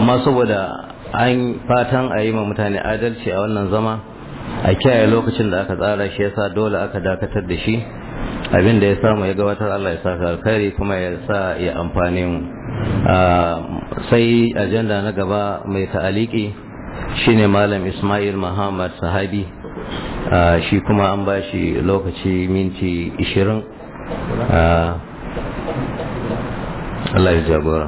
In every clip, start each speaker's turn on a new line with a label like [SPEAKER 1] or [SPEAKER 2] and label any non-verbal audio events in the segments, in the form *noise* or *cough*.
[SPEAKER 1] amma saboda an fatan a yi ma mutane adalci a wannan zama a kiyaye lokacin da aka tsara shi yasa dole aka dakatar da shi abin da ya samu ya gabatar Allah ya sa alkhairi kuma ya sa ya amfani mu sai ajanda na gaba mai ta'aliki shine malam Ismail Muhammad Sahabi shi kuma an ba shi lokaci minti 20 Allah ya jagora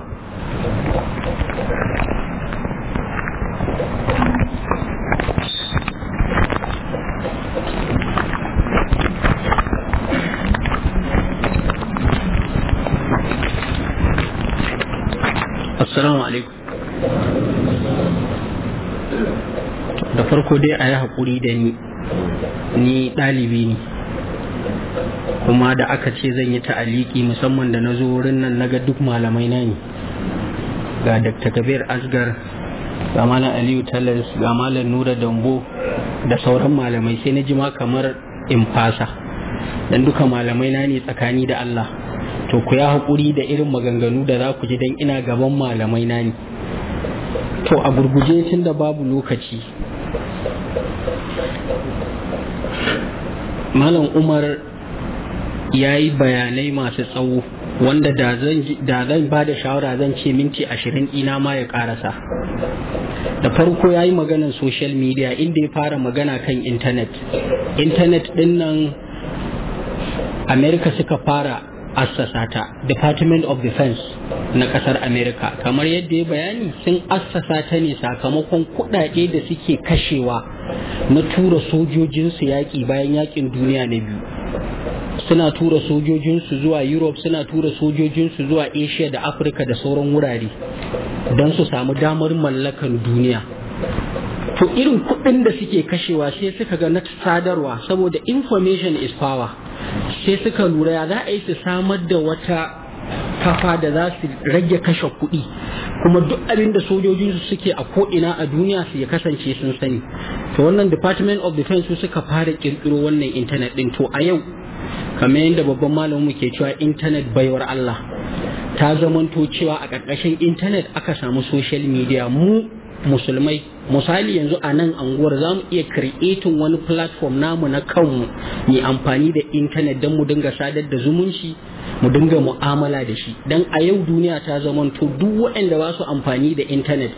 [SPEAKER 2] farko dai a yi haƙuri da ni ni ɗalibi ne kuma da aka ce zan yi ta'aliki musamman da na zo wurin nan na ga duk malamai na ne ga dr kabir asgar ga malam aliyu talas ga malam nura dambo da sauran malamai sai na jima kamar in fasa dan duka malamai na ne tsakani da allah to ku ya haƙuri da irin maganganu da za ku ji dan ina gaban malamai na ne to a gurguje tun da babu lokaci malam umar ya yi bayanai masu tsawo wanda da zan ba da shawara zan ce minti ashirin ina ma ya karasa da farko ya yi maganan social media inda ya fara magana kan intanet intanet din nan america suka fara assasa ta department of defense na ƙasar amerika kamar yadda ya bayani sun assasa ta ne sakamakon kudade da suke kashewa na tura sojojinsu yaƙi bayan yaƙin duniya na biyu suna tura sojojinsu zuwa europe suna tura sojojinsu zuwa asia da afirka da sauran wurare don su samu damar mallakan duniya to irin kuɗin da suke kashewa sai suka ga na sadarwa saboda information is power sai suka lura ya za a yi su samar da wata kafa da za su rage kashe kuɗi kuma duk abin da sojojin su suke a ko'ina a duniya su ya kasance sun sani to wannan department of defense su suka fara kirkiro wannan internet din to a yau kamar yadda babban malamin ke cewa internet baiwar Allah ta zamanto cewa a ƙarƙashin internet aka samu social media mu musulmai misali yanzu a nan anguwar za mu iya creating wani platform namu na kanmu mai amfani da intanet don mu dinga sadar da zumunci mu dinga mu'amala da shi dan a yau duniya ta zamanto duk waɗanda ba su amfani da intanet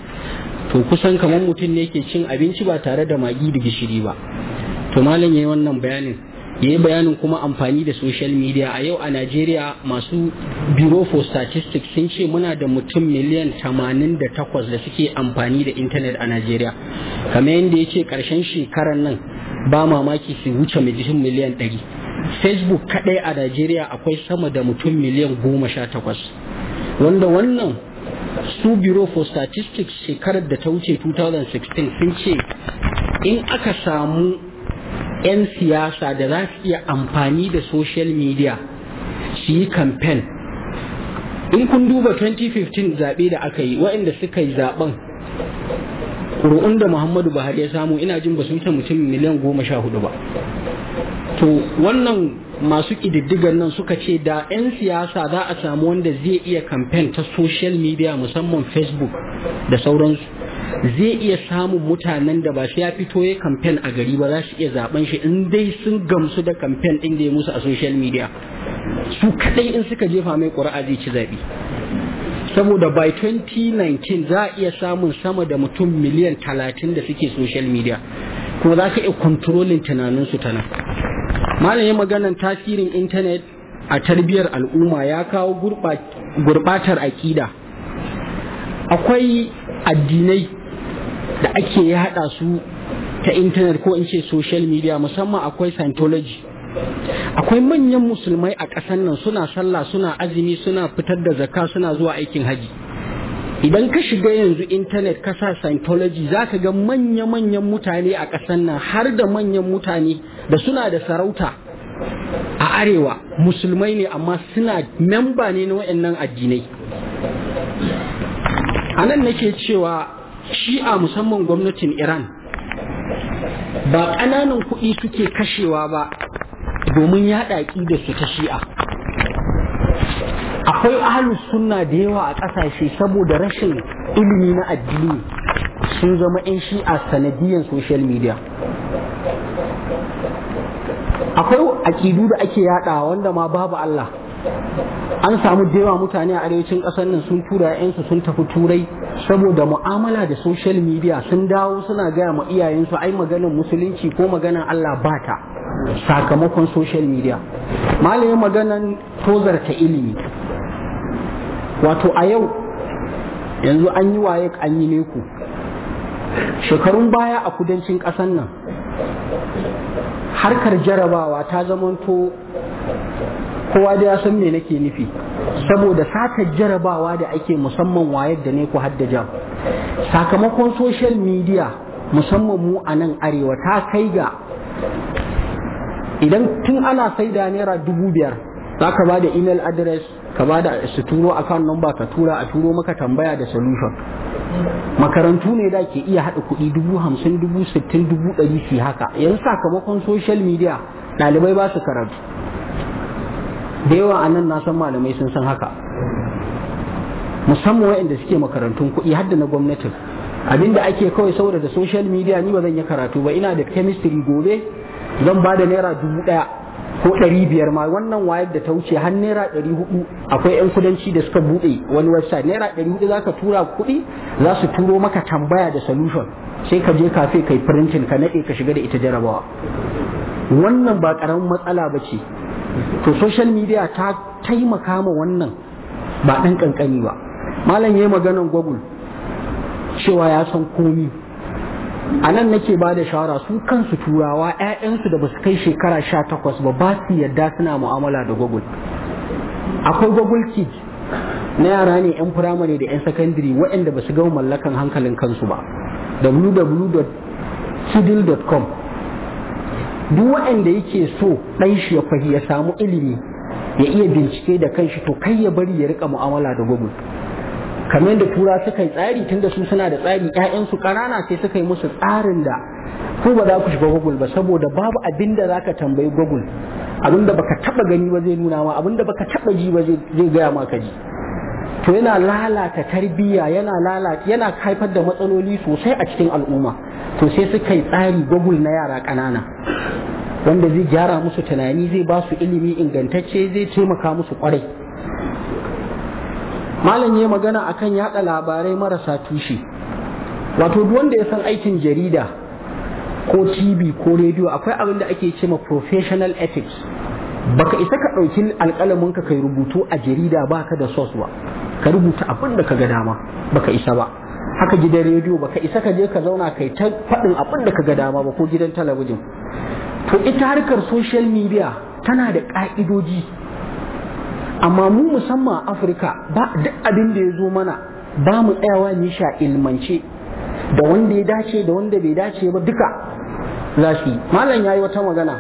[SPEAKER 2] to kusan kamar mutum ne ke cin abinci ba tare da magi da gishiri ba to malam yayi wannan bayanin yayi bayanin kuma amfani da social media a yau a Najeriya masu Bureau for Statistics sun ce muna da mutum miliyan 88 da suke amfani da intanet a Najeriya kamar yadda ya ce karshen shekarar nan ba mamaki su wuce mutum miliyan 100 facebook kaɗai a najeriya akwai sama da mutum miliyan goma sha takwas wanda wannan su bureau for statistics shekarar da ta wuce 2016 sun ce in aka samu 'yan siyasa da za su iya amfani da social media su yi campaign in kun duba 2015 zaɓe da aka yi waɗanda suka yi zaɓen ƙuri'un da muhammadu buhari ya samu ina jin ba su wuce mutum miliyan goma sha hudu ba to wannan masu ƙididdigan nan suka ce da 'yan siyasa za a samu wanda zai iya kamfen ta social media musamman facebook da sauransu zai iya samun mutanen da ba su ya fito ya kamfen a gari ba za su iya zaben shi in dai sun gamsu da kamfen ɗin da ya musu a social media su kaɗai in suka jefa mai ƙuri'a zai ci zaɓi saboda by 2019 za a iya samun sama da mutum miliyan 30 da suke social media kuma za ka iya kontrolin tunaninsu ta nan malamin maganan tasirin intanet a tarbiyyar al'umma ya kawo gurbatar aƙida akwai addinai da ake haɗa su ta intanet ko in ce social media musamman akwai scientology akwai manyan musulmai a ƙasar nan suna sallah suna azumi suna fitar da zaka suna zuwa aikin haji idan ka shiga yanzu intanet ka sa scientology za ka ga manya-manyan mutane a ƙasar nan har da manyan mutane da suna da sarauta a arewa musulmai ne amma suna memba ne na waɗannan addinai a nan nake cewa shi'a musamman gwamnatin iran ba ƙananan kuɗi suke kashewa ba domin yaɗa da su ta shi'a akwai ahalus sunna da yawa a ƙasashe saboda rashin ilimi na addini sun zama 'yan shi'a sanadiyan social media akwai aƙidu da ake yaɗa wanda ma babu Allah an samu da yawa mutane a arewacin ƙasar nan sun tura 'ya'yansu sun tafi turai saboda mu'amala da social media sun dawo suna gaya ma iyayensu ai maganar musulunci ko maganar Allah ba ta sakamakon social media malamin maganan tozarta ilimi wato a yau yanzu an yi waye an yi neku shekarun baya a kudancin ƙasan nan harkar jarabawa ta zamanto kowa da ya san me nake nufi saboda satar jarabawa da ake musamman wayar da ne ku haddaja sakamakon social media musamman mu a nan arewa ta kai ga idan tun ana sai da naira dubu biyar za ka ba da email address ka ba da su turo account number ka tura a turo maka tambaya da solution makarantu ne da ke iya haɗa kuɗi dubu hamsin dubu sittin dubu ɗari fi haka yanzu sakamakon social media ɗalibai ba su karatu da yawa a nan na san malamai sun san haka musamman waɗanda suke makarantun kuɗi har da na gwamnatin abinda ake kawai saboda da social media ni ba zan yi karatu ba ina da chemistry gobe zan ba da naira dubu ɗaya ko ɗari biyar ma wannan wayar da ta wuce har naira ɗari hudu akwai 'yan kudanci da suka buɗe wani website naira ɗari hudu za ka tura kuɗi za su turo maka tambaya da solution sai ka je kafe kai printin ka naɗe ka shiga da ita jarabawa wannan ba ƙaramin matsala ba ce to social media ta taimaka ma wannan ba ɗan ƙanƙani ba malam ya yi maganan google cewa ya san komi a nan nake ba da shawara su kansu turawa 'ya'yansu da basu kai shekara sha takwas ba ba su yadda suna mu'amala da google akwai google kid na yara ne 'yan firamare da 'yan sakandare waɗanda ba su gama mallakan hankalin kansu ba www.cidil.com duk waɗanda yake so ɗan shi ya fahi ya samu ilimi ya iya bincike da kanshi to kai ya bari ya rika mu'amala da google kamar yadda tura suka yi tsari tun da su suna da tsari 'ya'yansu ƙanana sai suka yi musu tsarin da ko ba za ku shiga google ba saboda babu abin da za ka tambayi google abin da baka taba gani ba zai nuna ma abin da baka taba ji ba zai gaya ma ka ji to yana lalata tarbiyya yana lalata yana haifar da matsaloli sosai a cikin al'umma to sai suka yi tsari google na yara ƙanana wanda zai gyara musu tunani zai ba su ilimi ingantacce zai taimaka musu kwarai malam ya magana akan yada labarai marasa tushe wato duk wanda ya san aikin jarida ko tv ko rediyo akwai abin da ake cewa ma professional ethics baka isa ka ɗauki alƙalamin ka kai rubutu a jarida baka da source ba ka rubuta abin da ka ga dama baka isa ba haka gidan rediyo baka isa ka je ka zauna kai ta faɗin abin da ka ga dama ba ko gidan talabijin to ita harkar social media tana da ƙa'idoji amma mu musamman afirka ba duk abin da ya zo mana ba mu tsayawa nisha ilmance da wanda ya dace da wanda bai dace ba duka za su yi malam ya yi wata magana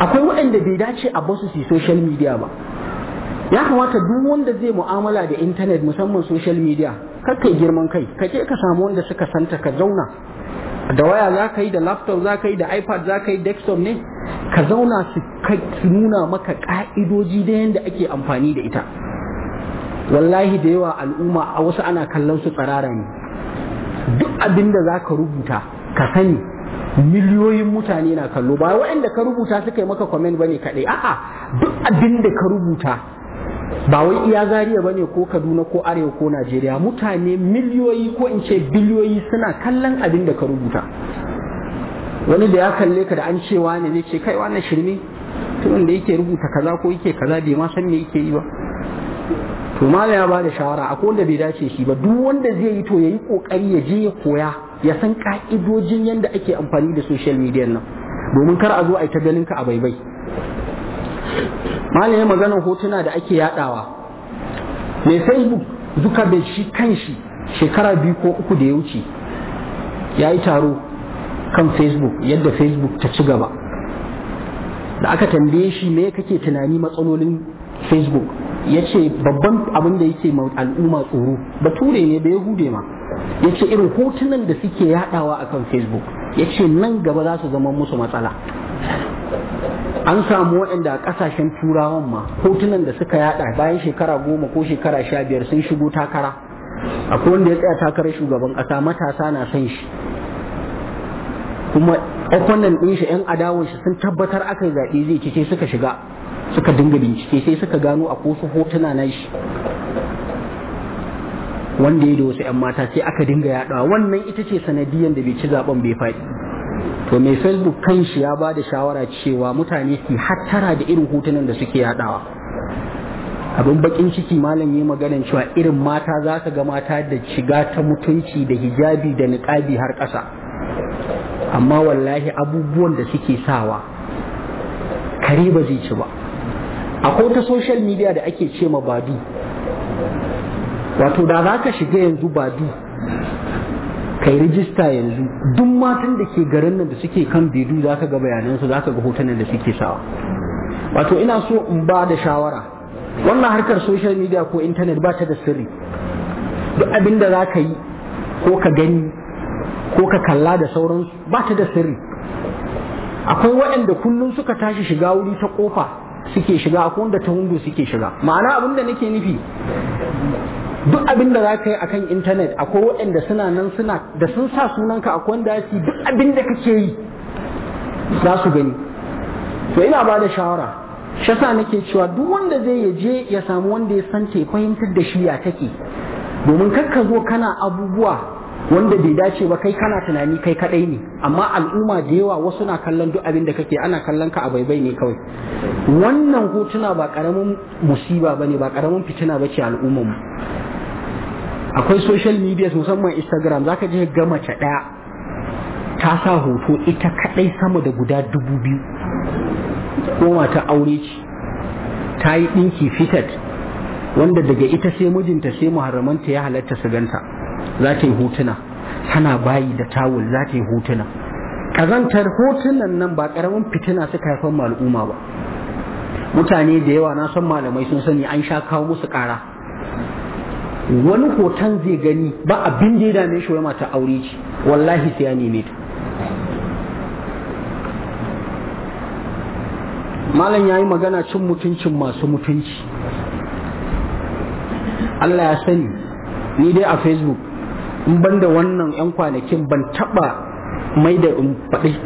[SPEAKER 2] akwai waɗanda bai dace a basu su social media ba ya kamata duk wanda zai mu'amala da intanet musamman social media kakai girman kai ka je ka samu wanda suka santa ka zauna da waya za ka yi da laptop za ka yi da ipad za ka yi desktop ne ka zauna su kai nuna maka ka'idoji da yadda ake amfani da ita wallahi da yawa al'umma a wasu ana kallon su tsarara ne duk abin da za ka rubuta ka sani miliyoyin mutane na kallo ba waɗanda ka rubuta suka yi maka kwamen ba ne kaɗai a'a duk abin da ka rubuta ba wai iya zariya ba ne ko kaduna ko arewa ko najeriya mutane miliyoyi ko in ce biliyoyi suna kallon abin da ka rubuta wani da ya kalle ka da an cewa ne zai ce kai wannan shirme tun da yake rubuta kaza ko yake kaza bai ma san me yake yi ba to malam ya bada shawara akwai wanda bai dace shi ba duk wanda zai yi to yayi kokari ya je ya koya ya san ka'idojin yadda ake amfani da social media nan domin kar a zo a yi ta ganin ka a baibai malam ya maganar hotuna da ake yadawa mai facebook bai shi kanshi shekara biyu ko uku da ya wuce ya yi taro kan facebook yadda facebook ta ci gaba da aka tambaye shi me kake tunani matsalolin facebook ya ce babban abin da yake al'umma tsoro bature ne da ya hude ma ya ce irin hotunan da suke yadawa akan facebook ya ce nan gaba za su zama musu matsala an samu waɗanda a ƙasashen turawan ma hotunan da suka yada bayan shekara goma ko shekara sha biyar sun shigo takara akwai wanda ya tsaya takarar shugaban ƙasa matasa na san shi kuma ɗaukonan ɗin shi 'yan adawar shi sun tabbatar aka zaɓe zai ci suka shiga suka dinga bincike sai suka gano a kosu hotuna na shi wanda ya da wasu 'yan mata sai aka dinga yaɗa. wannan ita ce sanadiyan da bai ci zaɓen bai faɗi to mai facebook shi ya ba da shawara cewa mutane su hattara da irin hotunan da suke yadawa abin bakin ciki malam yi maganin cewa irin mata za ka ga mata da shiga ta mutunci da hijabi da niƙabi har ƙasa amma wallahi abubuwan da suke sawa kare ba zai ci ba akwai ta social media da ake ce ma badu wato da za ka shiga yanzu badu kai rijista yanzu duk matan da ke garin nan da suke kan bidu za ka ga bayanansu za ka ga hotunan da suke sawa wato ina so in ba da shawara wannan harkar social media ko intanet ba ta da sirri duk abin da za ka yi ko ka gani ko ka kalla da sauransu ba ta da sirri akwai waɗanda kullum suka tashi shiga wuri ta kofa suke shiga akwai wanda ta hundu suke shiga ma'ana abin da nake nufi duk abin da za ka yi a kan intanet akwai waɗanda suna nan suna da sun sa sunanka a wanda su duk abin da kake yi za su gani to ina ba da shawara shasa nake cewa duk wanda zai yaje ya samu wanda ya san te fahimtar da shi ya take domin kakka zo kana abubuwa wanda bai dace ba kai kana tunani kai kadai ne amma al'umma da yawa wasu na kallon duk abin da kake ana kallon ka a baibai ne kawai wannan hotuna ba karamin musiba bane ba karamin fitina bace al'ummar mu akwai social media musamman instagram za ka je ga mace ɗaya ta sa hoto ita kaɗai sama da guda dubu biyu Koma ta aure ce ta yi ɗinki fitat wanda daga ita sai mijinta sai muharramanta ya halatta su ganta za ta yi hotuna tana bayi da tawul za ta yi hotuna ƙazantar hotunan nan ba ƙaramin fitina suka haifar al'umma ba mutane da yawa na san malamai sun sani an sha kawo musu ƙara wani hoton zai gani ba abin da ya dame shi wai mata aure ce wallahi sai ya neme ta malam ya yi magana cin mutuncin masu mutunci Allah ya sani ni dai a facebook in ban da wannan 'yan kwanakin ban taba mai in faɗi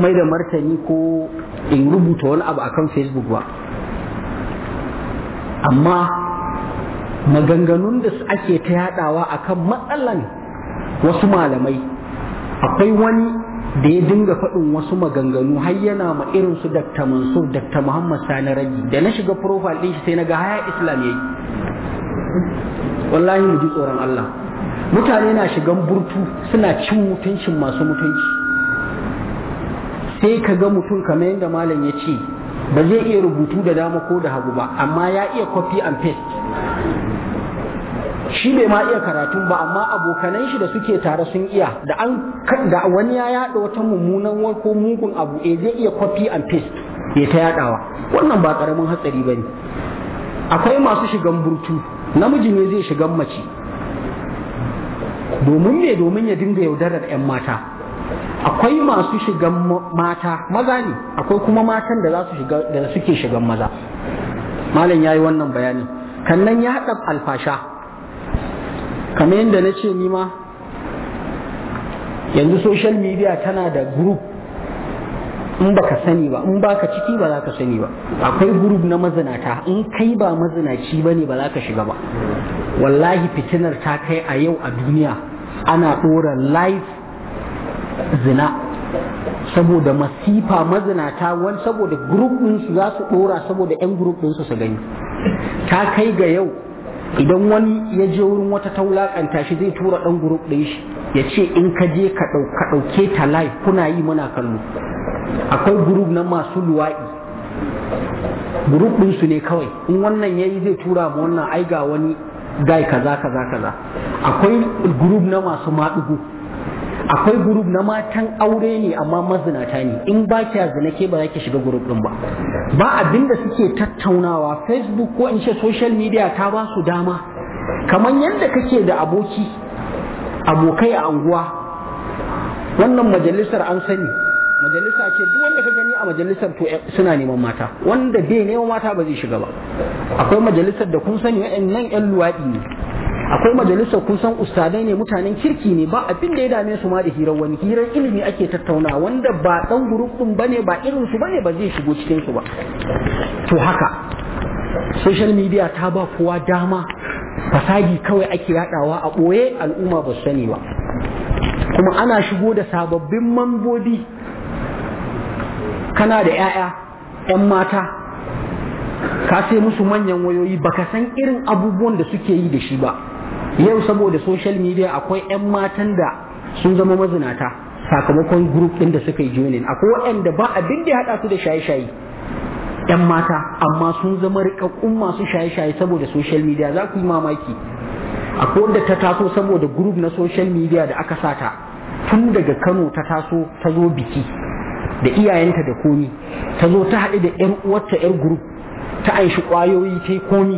[SPEAKER 2] mai da martani ko in rubuta wani abu akan facebook ba amma maganganun da su ake ta yadawa akan matsalan wasu malamai akwai wani da ya dinga faɗin wasu maganganu har yana ma irin su Dr. Mansur Dr. Muhammad Sani Raji da na shiga profile ɗin shi sai na ga haya Islam yayi wallahi mu ji tsoron Allah mutane na shigan burtu suna cin mutuncin masu mutunci sai ka ga mutum kamar yadda malam ya ce ba zai iya rubutu da dama ko da hagu ba amma ya iya copy and paste shi bai ma iya karatun ba amma abokanan shi da suke tare sun iya da an da wani ya yada wata mummunan ko mugun abu eh zai iya copy and paste ya ta yadawa wannan ba karamin hatsari bane akwai masu shigan burtu namiji ne zai shigan mace domin me domin ya dinga yaudarar 'yan mata akwai masu shigan mata maza ne akwai kuma matan da za su shiga da suke shigan maza malam yayi wannan bayani kannan ya haɗa alfasha kamar yadda na ce nima yanzu social media tana da group in ba ka sani ba in ba ka ciki ba za ka sani ba akwai group na mazinata in kai ba mazinaci ba ne ba za ka shiga ba wallahi fitinar ta kai a yau a duniya ana ɗora live zina saboda masifa mazinata wani saboda group ɗinsu za su ɗora saboda 'yan group ɗinsu su gani ta kai ga yau idan wani ya je wurin wata taulakanta shi zai tura ɗan guruf ɗin shi ya ce in ka je ka ɗauke ta live kuna yi muna kallo akwai gurup na masu luwa'i gurup ɗinsu ne kawai in wannan ya yi zai tura ma wannan aiga wani gai kaza kaza kaza akwai gurup na masu maɗugo akwai gurub na matan aure ne amma mazinata ne in ba kya zina ke ba za ki shiga gurub din ba ba abin suke tattaunawa facebook ko in ce social media ta ba su dama kamar yadda kake da aboki abokai a anguwa wannan majalisar an sani majalisa ce duk wanda ka gani a majalisar to eh, suna neman mata wanda bai neman mata ba zai shiga ba akwai majalisar da kun sani wa'annan yan luwaɗi ne akwai majalisar kusan ustadai ne mutanen kirki ne ba abin da ya dame su ma da hirar wani hirar ilimi ake tattauna wanda ba dan gurup bane ba irin su bane ba zai shigo cikin su ba to haka social media ta ba kowa dama fasadi kawai ake yadawa a boye al'umma ba sani ba kuma ana shigo da sababbin mambobi kana da 'ya'ya 'yan mata ka sai musu manyan wayoyi baka san irin abubuwan da suke yi da shi ba yau saboda social media akwai 'yan matan da sun zama mazinata sakamakon group ɗin da suka yi joining akwai waɗanda ba abin da ya haɗa su da shaye-shaye 'yan mata amma sun zama rikakkun masu shaye-shaye saboda social media za ku yi mamaki akwai wanda ta taso saboda group na social media da aka sata tun daga kano ta taso ta zo biki da iyayenta da komi ta zo ta haɗu da 'yan uwarta 'yar group ta aishi ƙwayoyi ta komi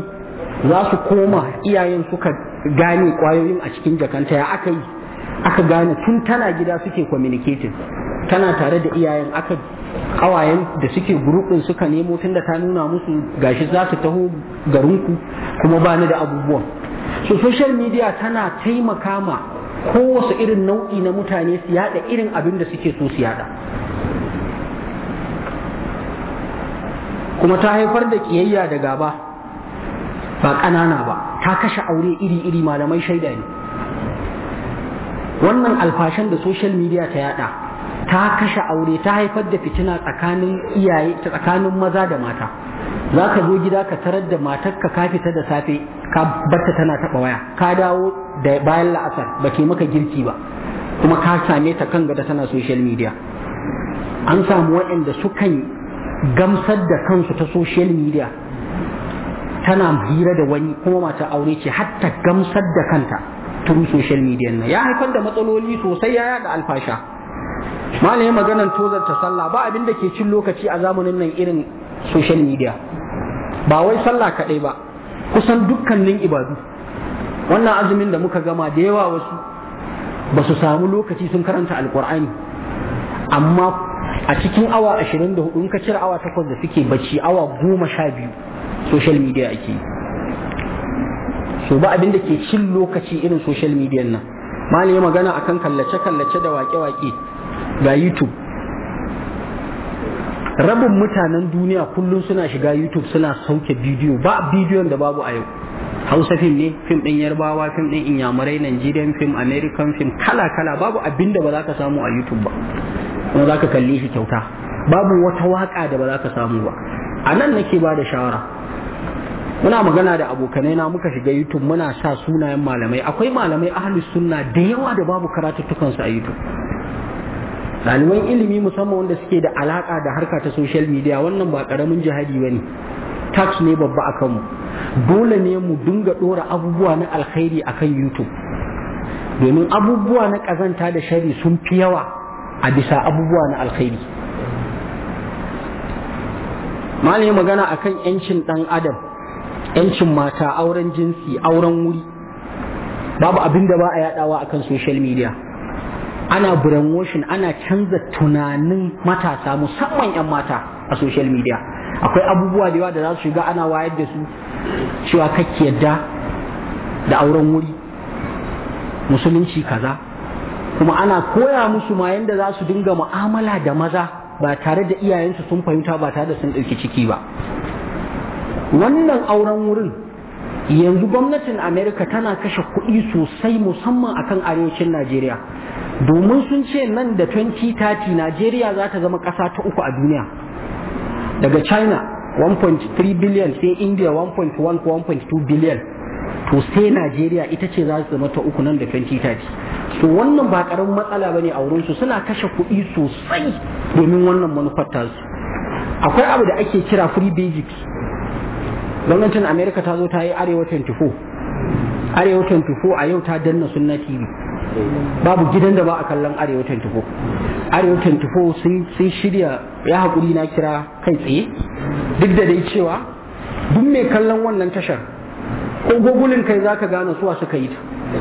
[SPEAKER 2] za su koma iyayen suka gane kwayoyin a cikin jakanta ya aka yi aka gane tun tana gida suke communicating tana tare da iyayen aka kawayen da suke gurubin suka nemo tun da ta nuna musu gashi za su taho garinku kuma ba ni da abubuwan so social media tana taimaka ma kowace irin nau'i na mutane su yada irin abin da suke so su yada kuma ta haifar da kiyayya da gaba ba ƙanana ba ta kashe aure iri-iri malamai shaida ne wannan alfashan da social media ta yada ta kashe aure ta haifar da fitina tsakanin iyaye ta tsakanin maza da mata za ka zo gida ka tarar da matarka ka fita da safe ka barta tana taɓa waya ka dawo da bayan la'asar ba ke maka girki ba kuma ka same ta kan gada tana social media an samu waɗanda sukan gamsar da kansu ta social media tana hira da wani kuma mata aure ce hatta gamsar da kanta tun social media na ya haifar da matsaloli sosai ya yada alfasha malamin maganar tozar ta sallah ba abin da ke cin lokaci a zamanin nan irin social media ba wai sallah kaɗai ba kusan dukkanin ibadu wannan azumin da muka gama da yawa wasu ba su samu lokaci sun karanta alkur'ani amma a cikin awa 24 in ka cire awa takwas da suke bacci awa goma sha biyu. social media ake yi so ba abin da ke cin lokaci irin social media nan malam ya magana akan kallace-kallace da wake-wake ga youtube rabin mutanen duniya kullum suna shiga youtube suna sauke bidiyo ba bidiyon da babu a yau hausa fim ne fim ɗin yarbawa fim ɗin inyamurai nigerian fim american fim kala-kala babu abin da ba za ka samu a youtube ba kuma za ka kalle shi kyauta babu wata waka da ba za ka samu ba a nan nake ba da shawara muna magana da abokanai na muka shiga YouTube muna sa sunayen malamai akwai malamai ahli sunna da yawa da babu karatuttukan su a YouTube ɗaliban ilimi musamman wanda suke da alaka da harka ta social media wannan ba karamin jihadi bane tax ne babba akan mu dole ne mu dinga dora abubuwa na alkhairi akan YouTube domin abubuwa na kazanta da shari sun fi yawa a bisa abubuwa na alkhairi malamin magana akan yancin dan adam yancin mata auren jinsi auren wuri babu abin da ba a yadawa akan social media ana brainwashing ana canza tunanin matasa musamman 'yan mata a social media akwai abubuwa da yawa da za su shiga ana wayar da su cewa kake yadda da auren wuri musulunci kaza kuma ana koya musu ma yadda za su dinga mu'amala da maza ba tare da iyayensu sun fahimta ba tare da sun ɗauki ciki ba wannan auren wurin yanzu gwamnatin amerika tana kashe kuɗi sosai musamman akan arewacin najeriya domin sun ce nan da 2030 najeriya za ta zama ƙasa ta uku a duniya daga china 1.3 billion sai india 1.1 1.2 billion to sai najeriya ita ce za su zama ta uku nan da 2030 so wannan ba ƙaramin matsala ba ne a wurinsu suna kashe kuɗi sosai domin wannan manufar akwai abu da ake kira free basics gwamnatin america ta zo ta yi arewa 24 arewa 24 a yau ta danna sunna tv babu gidan da ba a kallon arewa 24 arewa 24 sun shirya ya haƙuri na kira kai tsaye duk da dai cewa duk mai kallon wannan tashar ko gogulin kai za ka gane suwa suka yi ta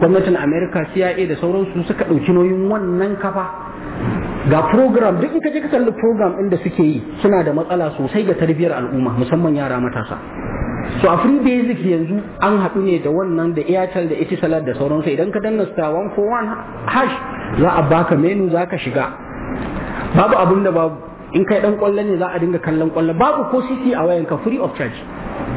[SPEAKER 2] gwamnatin america cia da sauransu suka ɗauki nauyin wannan kafa ga program duk in ka je ka kalli program ɗin da suke yi suna da matsala sosai ga tarbiyyar al'umma musamman yara matasa so a free basic yanzu an haɗu ne da wannan da airtel da etisalat da sauransu idan ka danna star 141 hash za a baka menu za ka shiga babu abin da babu in kai dan kwallo ne za a dinga kallon kwallo babu ko city a wayanka free of charge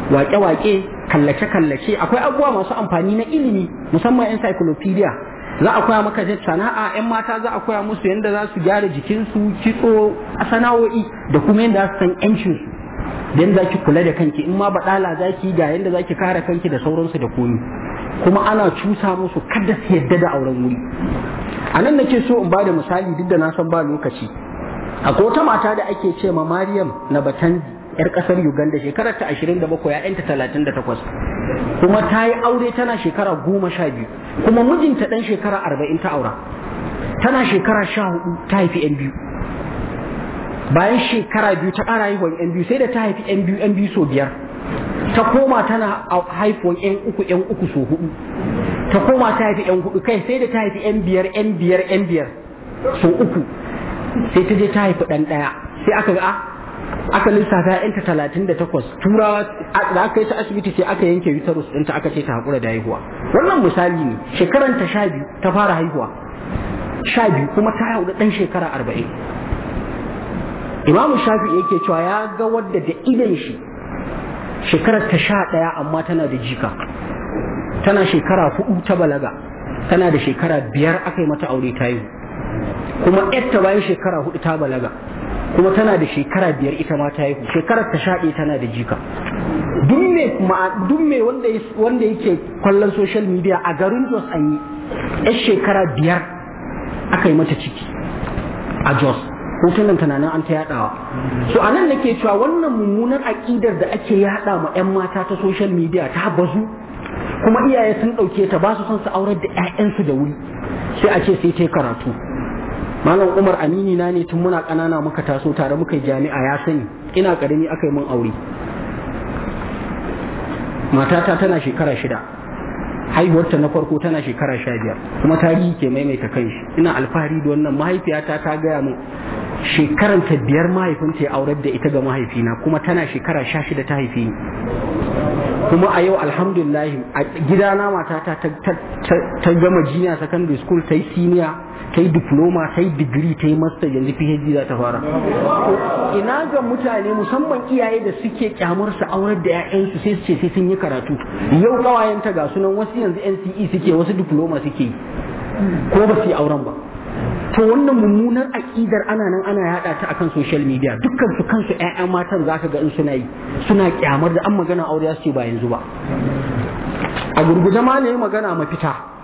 [SPEAKER 2] wake-wake kallace-kallace akwai abubuwa masu amfani na ilimi musamman encyclopedia za a koya maka sana'a yan mata za a koya musu yadda za su gyara jikinsu kitso a sana'o'i da kuma yadda za su san yancin su yadda za ki kula da kanki in ma baɗala za ki ga yadda za ki kare kanki da sauransu da komi kuma ana cusa musu kada su yadda da auren wuri a nan nake so in ba da misali duk da na san ba lokaci akwai wata mata da ake ce ma mariam na Batanzi yar kasar Uganda shekarar ta 27 ya'yanta 38 kuma ta yi aure tana shekara 12 kuma mijinta dan shekara 40 ta aura tana shekara 14 ta haifi yan biyu bayan shekara biyu ta kara haihuwar yan biyu sai da ta haifi yan biyu yan biyu so biyar ta koma tana haifuwar yan uku yan uku so hudu ta koma ta haifi yan hudu kai sai da ta haifi yan biyar yan biyar yan biyar so uku sai ta je ta haifi ɗan ɗaya sai aka ga a ah, aka lissafa ya'yanta talatin da takwas turawa da aka yi ta asibiti sai aka yanke uterus ɗinta aka ce ta haƙura da haihuwa wannan misali ne shekaran ta sha ta fara haihuwa sha biyu kuma ta haihu ɗan shekara arba'in imamu shafi yake cewa ya ga wadda da idan shi shekarar ta sha ɗaya amma tana da jika tana shekara hudu ta balaga tana da shekara biyar aka yi mata aure ta yi kuma ta bayan shekara hudu ta balaga kuma tana da shekara biyar ita ma ta haihu shekarar ta shaɗe tana da jika duk me wanda yake kwallon social media a garin Jos an yi yan shekara biyar aka yi mata ciki a Jos tana tunanin an ta yaɗawa. so anan nake cewa wannan mummunar aƙidar da ake yaɗa ma 'yan mata ta social media ta bazu kuma iyaye sun ɗauke ta ba su son su aurar da 'ya'yansu da wuri sai a ce sai ta yi karatu malam umar amini na ne tun muna kanana muka taso tare muka yi jami'a ya sani ina ƙarami aka yi mun aure matata tana shekara shida haihuwarta na farko tana shekara sha biyar kuma tarihi ke maimaita kanshi ina alfahari da wannan mahaifiyata ta gaya min ta biyar mahaifinta ya aurar da ita ga mahaifina kuma tana shekara sha shida ta haifi ni kuma a yau alhamdulillah a gidana matata ta gama junior secondary school ta yi senior ta yi diploma ta yi digiri ta yi master yanzu phd za ta fara ina ga mutane musamman iyaye da suke kyamar su aurar da 'ya'yansu sai su ce sai sun yi karatu yau ta ga sunan wasu yanzu nce suke wasu diploma suke yi. ko ba su yi auren ba to wannan mummunar aƙidar ana nan ana yada ta akan social media dukkan su kansu ƴaƴan matan zaka ga in suna yi suna kyamar da an magana aure su ce ba yanzu ba a gurguje ma ne magana mafita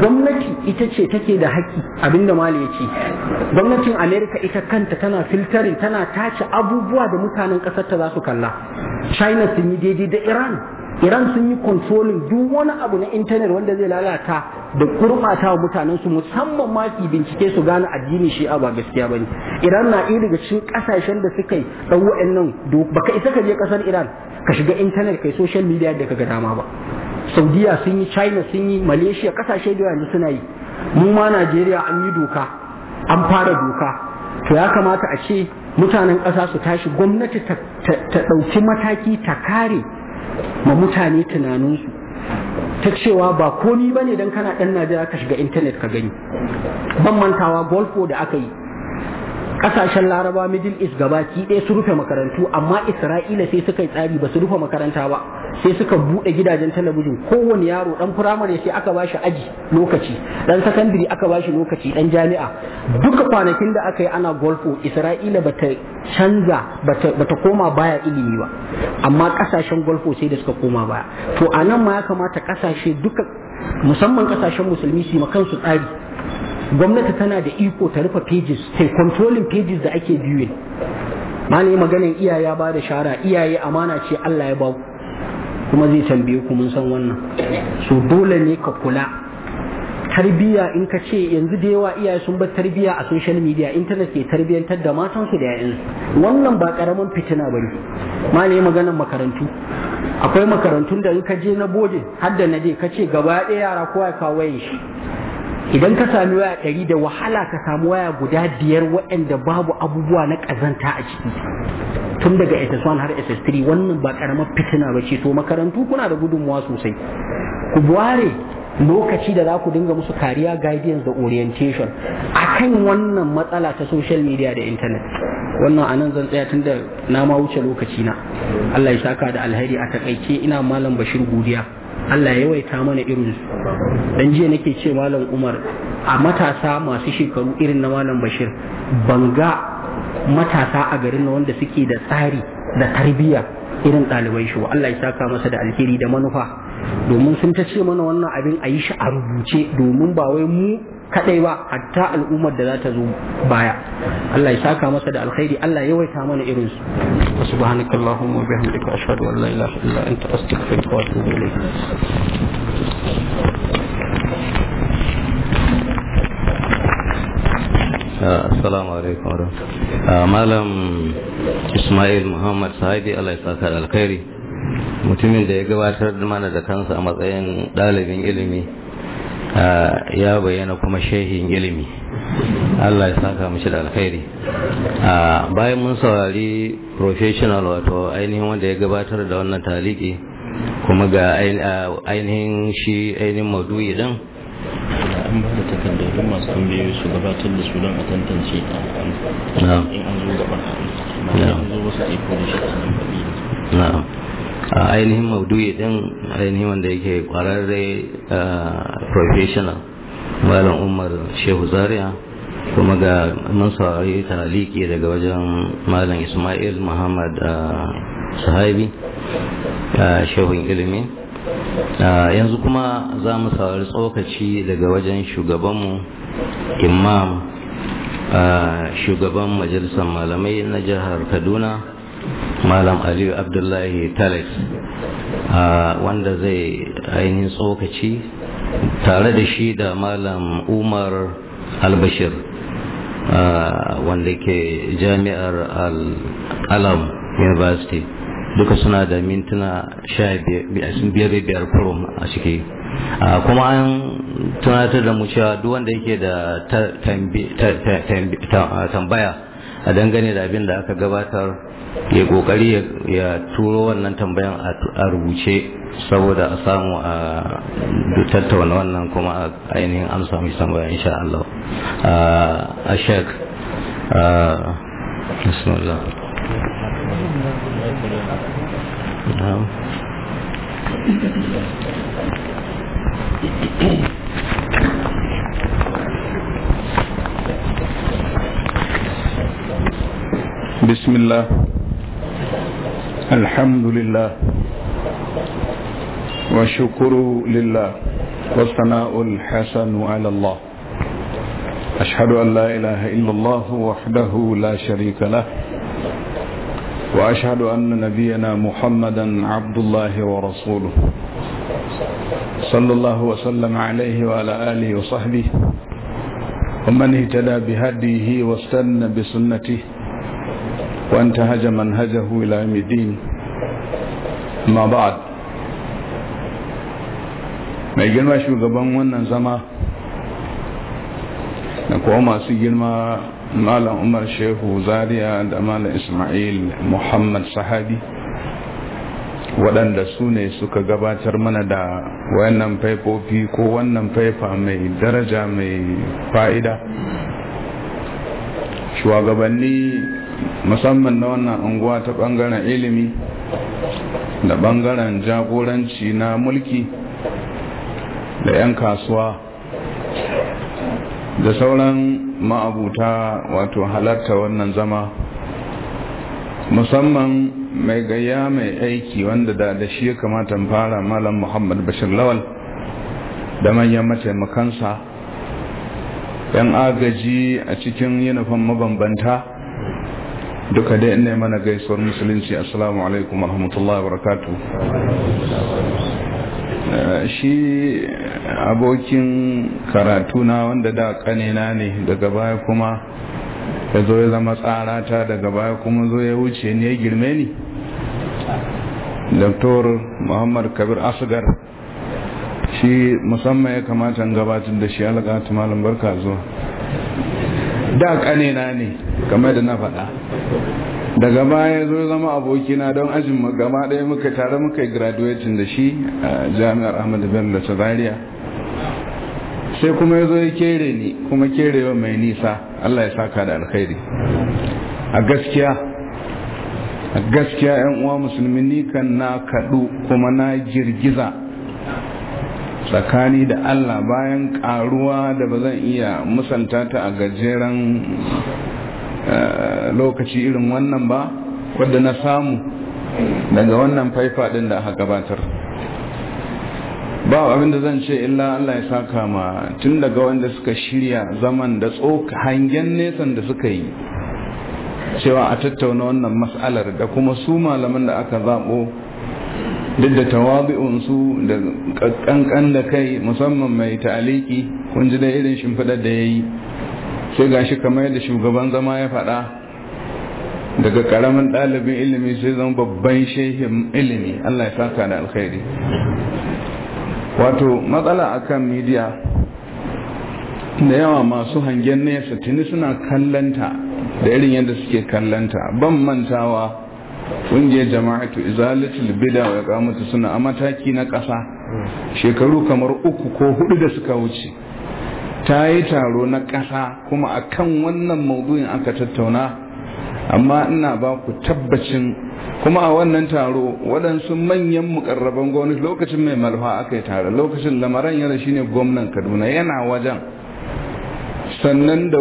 [SPEAKER 2] gwamnati ita ce take da haƙƙi abinda mali ya ce gwamnatin amerika ita kanta tana filtering tana tace abubuwa da mutanen ƙasar ta za su kalla china sun yi daidai da iran iran sun yi controlling duk wani abu na intanet wanda zai lalata da gurɓata wa mutanen su musamman ma su bincike su gane addini shi ba gaskiya bane iran na iya daga cikin ƙasashen da suka yi ɗan wa'annan baka isa ka je ƙasar iran ka shiga intanet kai social media da ka ga dama ba saudiya sun yi china sun yi malaysia kasashe da yanzu suna yi mu ma najeriya an yi doka an fara doka to ya kamata a ce mutanen ƙasa su tashi gwamnati ta ɗauki mataki ta kare ma mutane tunaninsu ta cewa ba komi ba ne don kana ɗan najeriya ka shiga intanet ka gani ban mantawa golfo da aka yi kasashen laraba middle east gabaki ɗaya su rufe makarantu amma isra'ila sai suka yi tsari ba su rufe makaranta ba sai suka buɗe gidajen talabijin kowane yaro ɗan firamare sai aka bashi aji lokaci ɗan sakandiri aka bashi lokaci Ɗan jami'a duka kwanakin da aka yi ana golfo isra'ila ba ta canza ba ta koma baya ilimi ba amma kasashen golfo sai da suka koma baya to a nan ma ya kamata kasashe duka musamman kasashen musulmi su yi kansu tsari gwamnati tana da iko ta rufe pages sai controlling pages da ake viewing malami maganin iyaye ba da shara iyaye amana ce Allah ya ba kuma zai tambaye ku mun san wannan so dole ne ka kula tarbiya in ka ce yanzu da yawa iyaye sun bar tarbiya a social media internet ke tarbiyantar da matansu da yayan wannan ba karaman fitina bane malami maganin makarantu akwai makarantun da in ka je na bodin har da na je ka ce gaba ɗaya yara kowa ya kawo shi
[SPEAKER 3] idan ka sami
[SPEAKER 2] waya ɗari da wahala ka samu waya guda biyar waɗanda babu abubuwa na ƙazanta a ciki tun daga ss1 har ss3 wannan ba ƙaramar fitina ba ce to makarantu kuna da gudunmuwa sosai ku ware lokaci da za ku dinga musu kariya guidance da orientation a kan wannan matsala ta social media da internet wannan anan zan tsaya tun da na ma wuce lokaci na Allah ya saka da alheri a takaice ina malam bashir godiya Allah ya yawaita mana irin su dan jiya nake ce malam Umar a matasa masu shekaru irin na malam Bashir banga matasa a garin na wanda suke da tsari da tarbiyya irin ɗalibai shi Allah ya saka masa da alheri da manufa domin sun ta ce mana wannan abin a yi shi a rubuce domin ba wai mu kadai ba hatta al'ummar da za ta zo baya Allah ya saka masa da alkhairi Allah ya yawaita mana irin su subhanakallahu wa bihamdika ashhadu an la ilaha illa anta astaghfiruka wa atubu
[SPEAKER 1] ilayk uh, assalamu alaikum wa uh, malam ismail muhammad Sa'idi allah ya saka alkhairi mutumin da ya gabatar da mana da kansa a matsayin ɗalibin ilimi ya bayyana kuma shehin ilimi Allah ya saka mu shi da alkhairi bayan mun saurari professional wato ainihin wanda ya gabatar da wannan taliki kuma ga ainihin shi ainihin maudu'i din
[SPEAKER 4] an ba da takardun masu tambayoyi su gabatar da su don a tantance in an zo gaba na
[SPEAKER 1] an
[SPEAKER 3] zo wasu ikon shi a
[SPEAKER 1] nan A ainihin maudu'i din ainihin wanda yake kwararre professional malam umar shehu zaria kuma ga mun saurari taliki daga wajen malam ismail muhammad sahabi shehun ilimi yanzu kuma za mu saurari tsokaci daga wajen shugabanmu imam shugaban majalisar malamai na jihar kaduna malam aliyu abdullahi talis wanda zai ainihin tsokaci tare da shi da malam umar albashir wanda ke jami'ar al-alam university duka suna da mintuna biyar biyar kurum a ciki kuma an tunatar da mu cewa duk wanda yake da tambaya a dangane da abin da aka gabatar ya kokari ya turo wannan tambayan a rubuce saboda a samu a tattauna wannan kuma a ainihin amsa mai tambaya insha Allah a shek bismillah
[SPEAKER 4] بسم الله الحمد لله وشكر لله والثناء الحسن على الله أشهد أن لا إله إلا الله وحده لا شريك له وأشهد أن نبينا محمدا عبد الله ورسوله صلى الله وسلم عليه وعلى آله وصحبه ومن اهتدى بهديه واستنى بسنته وانتهج منهجه الى يوم الدين ما بعد mai girma shugaban wannan zama da kuma masu girma malam umar shehu zaria da malam ismail muhammad sahabi waɗanda su ne suka gabatar mana da wannan faifofi ko wannan faifa mai daraja mai fa'ida shugabanni musamman na wannan unguwa ta bangaren ilimi da bangaren jagoranci na mulki da 'yan kasuwa da sauran ma'abuta wato halarta wannan zama musamman mai gaya mai aiki wanda da da shi ya kamata fara malam muhammad bashir lawal da manyan mataimakansa 'yan agaji a cikin yunifon mabambanta duka dai ina mana gaisuwar musulunci assalamu alaikum warahmatullahi wabarakatuh eh, shi abokin karatu na wanda da kanina ne daga baya kuma ya zo ya zama tsarata daga baya kuma zo ya wuce ne ya girme ni Dr. muhammad kabir asgar shi musamman ya kamata gabatar da shi alaƙa malam barka zuwa da kanena ne kamar da na faɗa daga baya zo zama abokina don ajin gama ɗaya muka tare muka yi graduating da shi a jami'ar ahmadu bello ta sai kuma ya zo ya kere ni kuma kerewa mai nisa allah ya saka da alkhairi a gaskiya a gaskiya yan uwa musulmi ni kan na kaɗu kuma na girgiza tsakani da Allah bayan karuwa da ba zan iya musanta ta a gajeren eh, lokaci irin wannan ba wadda na samu daga wannan faifa ɗin da aka gabatar ba abinda zan ce illa Allah ya sa ma tun daga wanda suka shirya zaman da tsoka hangen nesan da suka yi cewa a tattauna wannan mas'alar da kuma su malaman da aka zaɓo duk da su da kankan da kai musamman mai ta'aliki kun ji da irin shimfiɗar da ya yi sai ga shi kamar yadda shugaban zama ya faɗa daga ƙaramin ɗalibin ilimi sai zama babban shehin ilimi allah ya saka da alkhairi wato matsala akan midiya da yawa masu hangen nesa tuni suna kallanta da irin yadda suke kallanta ban mantawa ƙungiyar jama'atu izalatul bida wa iqamatu suna a mataki na kasa. shekaru kamar uku ko hudu da suka wuce ta yi taro na kasa kuma akan wannan maudu'in aka tattauna amma ina ba ku tabbacin kuma a wannan taro waɗansu manyan mukarraban gwamnati lokacin mai malfa aka yi tare lokacin lamaran yana shine gwamnan kaduna yana wajen sannan da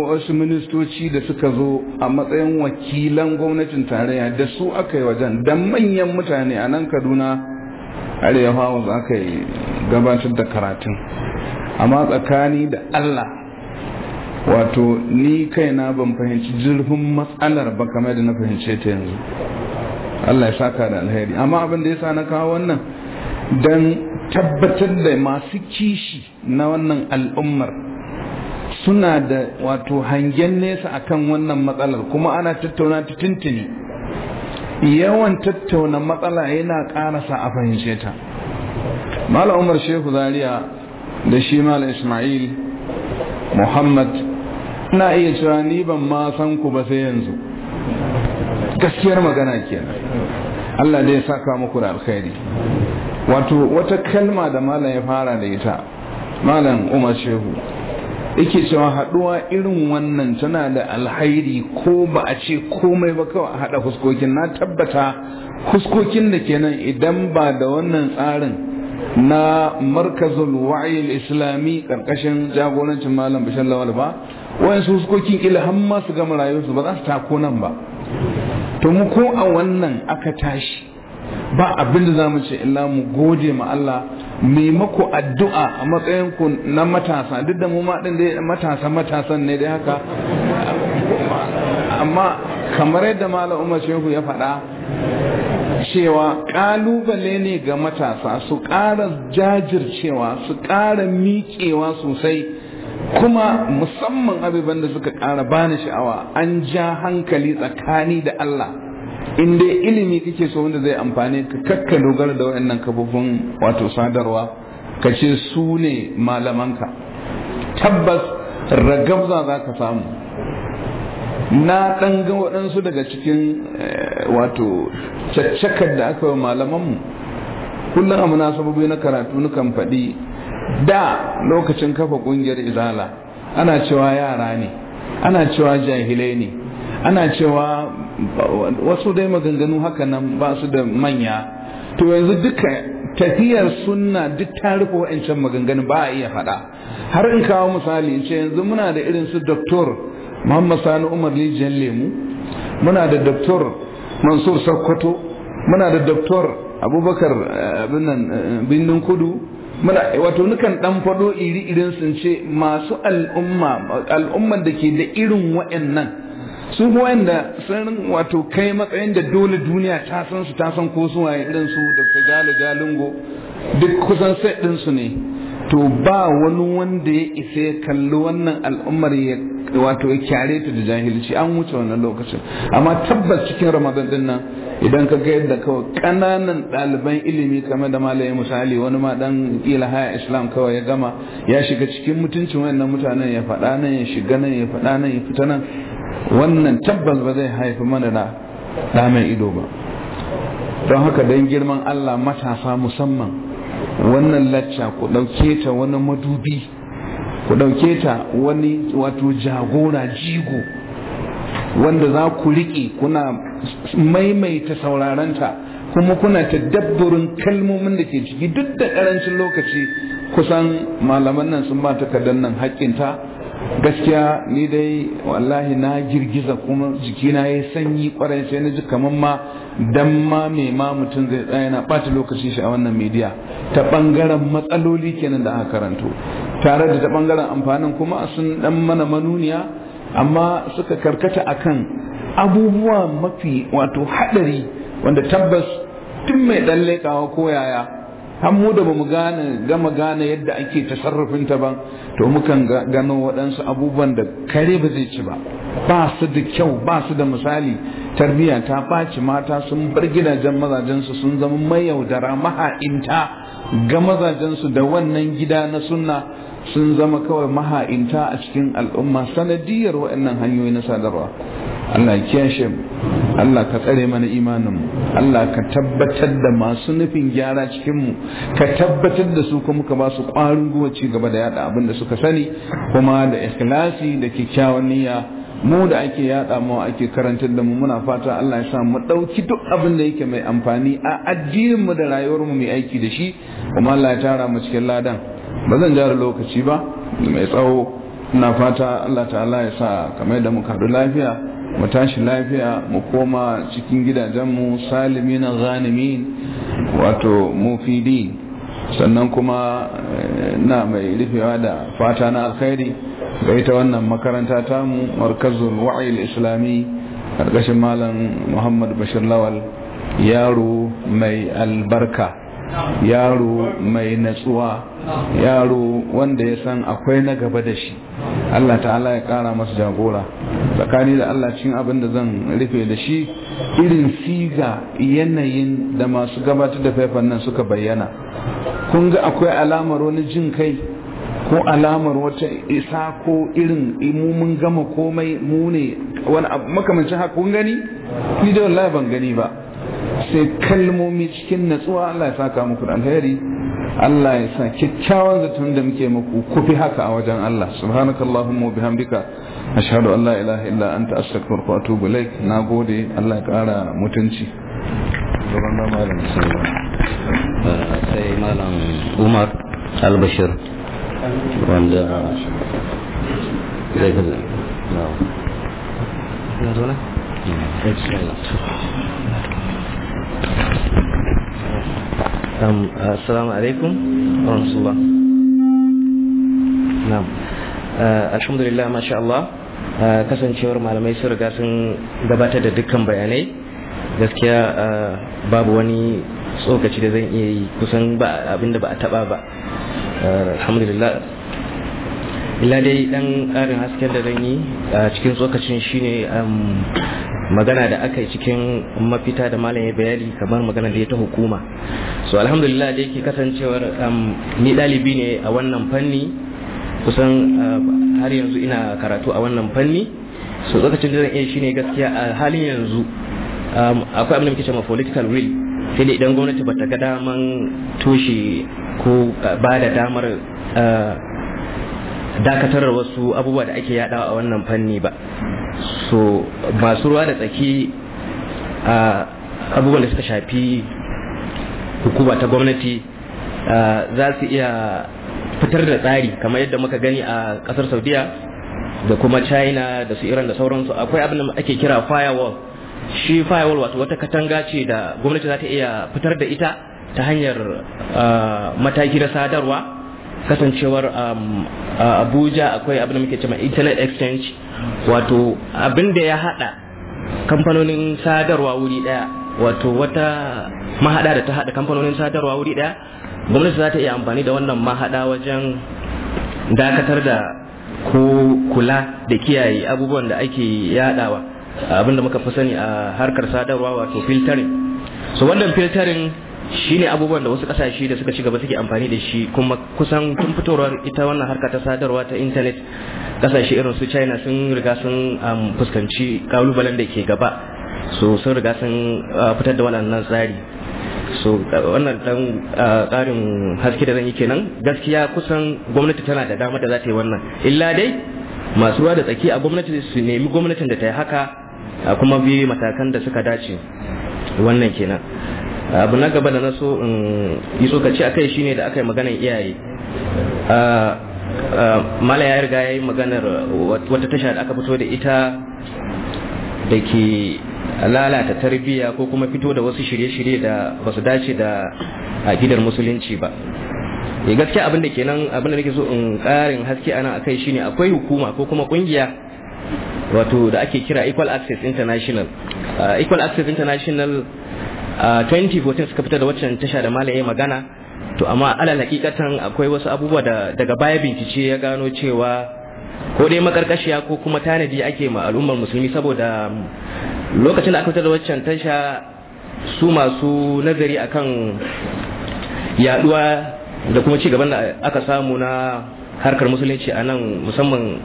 [SPEAKER 4] wasu ministoci da suka zo a matsayin wakilan gwamnatin tarayya da su aka yi wajen da manyan mutane a nan kaduna arewa za aka yi gabatar da karatun amma tsakani da allah wato ni kaina ban fahimci jirgin matsalar ba kamar da na fahimce ta yanzu allah ya saka da alheri amma abin da ya sa na kawo wannan don tabbatar da masu kishi na wannan al'ummar suna da wato hangen nesa akan wannan matsalar kuma ana tattauna ta tintini yawan tattauna matsala yana karasa a fahimce ta mala umar shehu Zariya da shi mala ismail muhammad na iya cewa ni ban ma san ku ba sai yanzu gaskiyar magana kenan Allah dai ya saka muku da alkhairi wato wata kalma da malam ya fara da ita malam umar shehu yake cewa haɗuwa irin wannan tana da alhairi ko ba a ce komai ba kawai a haɗa fuskokin na tabbata fuskokin da ke nan idan ba da wannan tsarin na markazin wa'il islami ƙarƙashin jagorancin malam bashar lawal ba wayansu fuskokin kila har ma gama rayuwarsu ba za su tako nan ba to mu ko a wannan aka tashi ba abin da za mu ce illa mu gode ma Allah mai maku addu'a a matsayinku na matasa duk da mu ma din dai matasa matasan ne da haka amma kamar yadda malam umar shehu ya faɗa cewa ƙalubale ne ga matasa su ƙara jajircewa su ƙara miƙewa sosai kuma musamman abubuwan da suka ƙara bani sha'awa an ja hankali tsakani da Allah in dai ilimi kake so wanda zai amfane ka kakka dogara da waɗannan kafofin wato sadarwa ka ce su ne malamanka tabbas ragabza za ka samu na ɗan ga waɗansu daga cikin eh, wato caccakar da aka yi malamanmu kullum a munasabobi na karatu nukan faɗi da lokacin kafa ƙungiyar izala ana cewa yara ne ana cewa jahilai ne ana cewa wasu dai maganganu haka nan ba su da manya to yanzu duka tafiyar sunna duk ta rufe wa'ancan maganganu ba a iya faɗa har in kawo misali ce yanzu muna da irin su doktor muhammad sani umar lijiyar lemu muna da doktor mansur sakkwato muna da doktor abubakar eh, birnin eh, kudu muna wato nukan dan faɗo iri irin sun ce masu al'umma al'umman da ke da irin waɗannan su kuma wanda sun wato kai matsayin da dole duniya ta san su ta san ko su waye irin su Dr. Jalo Jalingo duk kusan sai din su ne to ba wani wanda ya isa ya kalli wannan al'ummar ya wato ya kyare ta da jahilci an wuce wannan lokacin amma tabbas cikin Ramadan din nan idan ka ga yadda kawai kananan ɗaliban ilimi kamar da malayi misali wani ma dan ƙila haya islam kawai ya gama ya shiga cikin mutuncin wannan mutanen ya faɗa nan ya shiga nan ya faɗa nan ya fita nan wannan tabbas ba zai haifi mana da damar ido ba don haka don girman Allah matasa musamman wannan lacca ku ɗauke ta wani madubi ku ɗauke ta wani wato jagora jigo wanda za ku riƙe kuna maimaita saurarenta kuma kuna ta dabburin kalmomin da ke ciki duk da ƙarancin lokaci kusan malaman nan sun ba takardar nan haƙƙinta gaskiya ni dai wallahi na girgiza kuma jikina ya sanyi kwarai sai na ji kamar ma dan ma mai ma mutum zai tsaya na ɓata lokacin shi a wannan media ta ɓangaren matsaloli kenan da aka karanto tare da ta ɓangaren amfanin kuma sun dan mana manuniya amma suka karkata akan abubuwa mafi wato haɗari wanda tabbas tun mai ɗan laikawa ko yaya har mu da bamu gane gama gane yadda ake tasarrufin ta ba to mukan gano waɗansu abubuwan da kare ba zai ci ba ba su da kyau ba su da misali tarbiyya ta ɓaci mata sun bar gidajen mazajensu sun zama mayaudara maha'inta ga mazajensu da wannan gida na sunna sun zama kawai maha'inta a cikin al'umma sanadiyar waɗannan hanyoyi na sadarwa Allah kiyashe Allah ka tsare mana imanin mu Allah ka tabbatar da masu nufin gyara cikin mu ka tabbatar da su kuma ka ba su gwiwa ci gaba da yada abin da suka sani kuma da ikhlasi da kikkiawan niyya mu da ake yada mu ake karantar da mu muna fata Allah ya sa mu dauki duk abin da yake mai amfani a addinin mu da rayuwar mu mai aiki da shi kuma Allah ya tara mu cikin ladan ba zan jara lokaci ba mai tsawo na fata Allah ta'ala ya sa kamar da muka haɗu lafiya mu tashi lafiya mu koma cikin gidajenmu na ghanimin wato mufidi sannan kuma eh, na mai rufewa da fata na alkhairi ga ita wannan makaranta tamu markazul wa'il islami karkashin malam muhammad bashir lawal yaro mai albarka yaro mai natsuwa yaro wanda ya san akwai na gaba da shi Allah ta'ala ya kara masa jagora tsakani da Allah cin abin da zan rufe da shi irin siga yanayin da masu gabatar da faifan nan suka bayyana kun ga akwai alamar wani jin kai ko alamar wata isa ko irin mun gama komai mu ne wani makamancin haka kun gani ni da wallahi ban gani ba sai kalmomi cikin natsuwa Allah ya saka muku da alheri Allah ya sa kyakkyawan zaton da muke muku ku fi haka a wajen Allah allahumma wa bihamdika ashhadu an la ilaha illa anta astaghfiruka wa atubu ilaik nagode Allah ya kara mutunci gaban da malam uh, sai
[SPEAKER 1] malam Umar Albashir wanda zai gaza. Um, alaikum
[SPEAKER 5] warahmatullahi wabarakatuh. Eh, alhamdulillah masha Allah eh, kasancewar malamai sun riga sun gabatar da dukkan bayanai gaskiya eh, babu wani tsokaci da zan iya yi kusan ba abinda ba a taba ba alhamdulillah illa dai dan karin hasken da zan yi a cikin tsokacin shine magana da aka yi cikin mafita da malam ya bayani kamar magana da ya ta hukuma so alhamdulillah da yake kasancewar um, ni ɗalibi ne a wannan fanni kusan uh, har yanzu ina karatu a wannan fanni so tsakacin da zan iya shine gaskiya a halin yanzu um, akwai abin da muke cewa political will sai da idan gwamnati bata ga daman toshe ko uh, ba da damar uh, dakatar wasu abubuwa da ake yadawa a wannan fanni ba wato masu ruwa da tsaki a abubuwan da suka shafi hukuma ta gwamnati za su iya fitar da tsari kamar yadda muka gani a kasar saudiya da kuma china da su iran da sauransu akwai abin da ake kira firewall shi firewall wato wata katanga ce da gwamnati za ta iya fitar da ita ta hanyar mataki na sadarwa kasancewar um, abuja akwai abin da muke cewa internet exchange wato abin da ya hada kamfanonin sadarwa wuri daya wato wata mahada da ta hada kamfanonin sadarwa wuri daya gwamnati za ta iya amfani da wannan mahada wajen dakatar da ko kula da kiyaye abubuwan da ake yadawa abin da muka fi sani a harkar sadarwa wato filtering so wannan filtering Shi ne abubuwan da wasu kasashe da suka ci gaba suke amfani da shi kuma kusan tun fitowar ita wannan harka ta sadarwa ta intanet kasashe irin su china sun riga sun um, fuskanci kalubalen da ke gaba so sun riga sun uh, fitar da wannan tsari so wannan dan tsarin uh, haske da zan yi kenan gaskiya kusan gwamnati tana da dama da za ta yi wannan illa dai masu ruwa da tsaki a gwamnati su nemi gwamnatin da ta yi haka kuma bi matakan da suka dace wannan kenan abu na gaba da na so in yi tsokaci akai shine da aka yi maganar iyaye mala ya riga ya yi maganar wata tasha da aka fito da ita da ke lalata tarbiyya ko kuma fito da wasu shirye-shirye da ba su dace da akidar musulunci ba ya eh, gaskiya abin da kenan abin da nake so in karin haske a nan akai shine akwai hukuma ko kuma kungiya wato da ake kira equal access international equal access international 2014 suka fitar da waccan tasha da malam ya magana to amma alal hakikatan akwai wasu abubuwa da daga baya bincike ya gano cewa ko dai makarkashiya ko kuma tanadi ake ma al'ummar musulmi saboda lokacin da aka fitar da waccan tasha su masu nazari akan yaduwa da kuma ci gaban da aka samu na harkar musulunci a nan musamman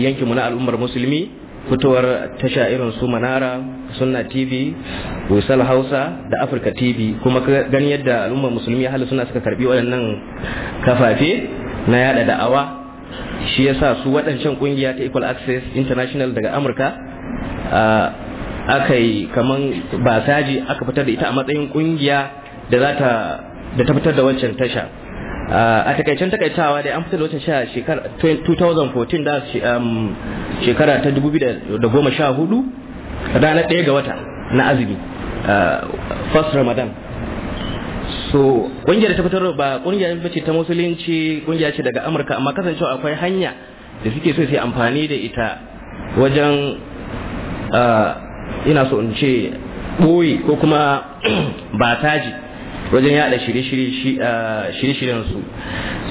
[SPEAKER 5] yankinmu na al'ummar musulmi fitowar tasha irin su manara sunna tv wisal hausa da afirka tv kuma gani yadda al'ummar musulmi ahli suna suka karbi waɗannan kafafe na yada da'awa shi ya sa su waɗancan ƙungiya ta equal access international daga amurka aka yi kaman basaji aka fitar da ita a matsayin ƙungiya da za ta da ta fitar da wancan tasha a takaicen takaitawa dai an fitar da wancan tasha shekara 2014 da um, shekara ta 2014 ranar ɗaya ga wata na azumi uh, first ramadan so ƙungiyar ta fitar ba kungiyar ce ta musulunci ƙungiyar ce daga amurka amma kasancewa akwai hanya da suke so su yi amfani da ita wajen uh, ina so in ce ɓoye ko kuma *clears throat* bataji wajen yada shirye-shiryen uh, su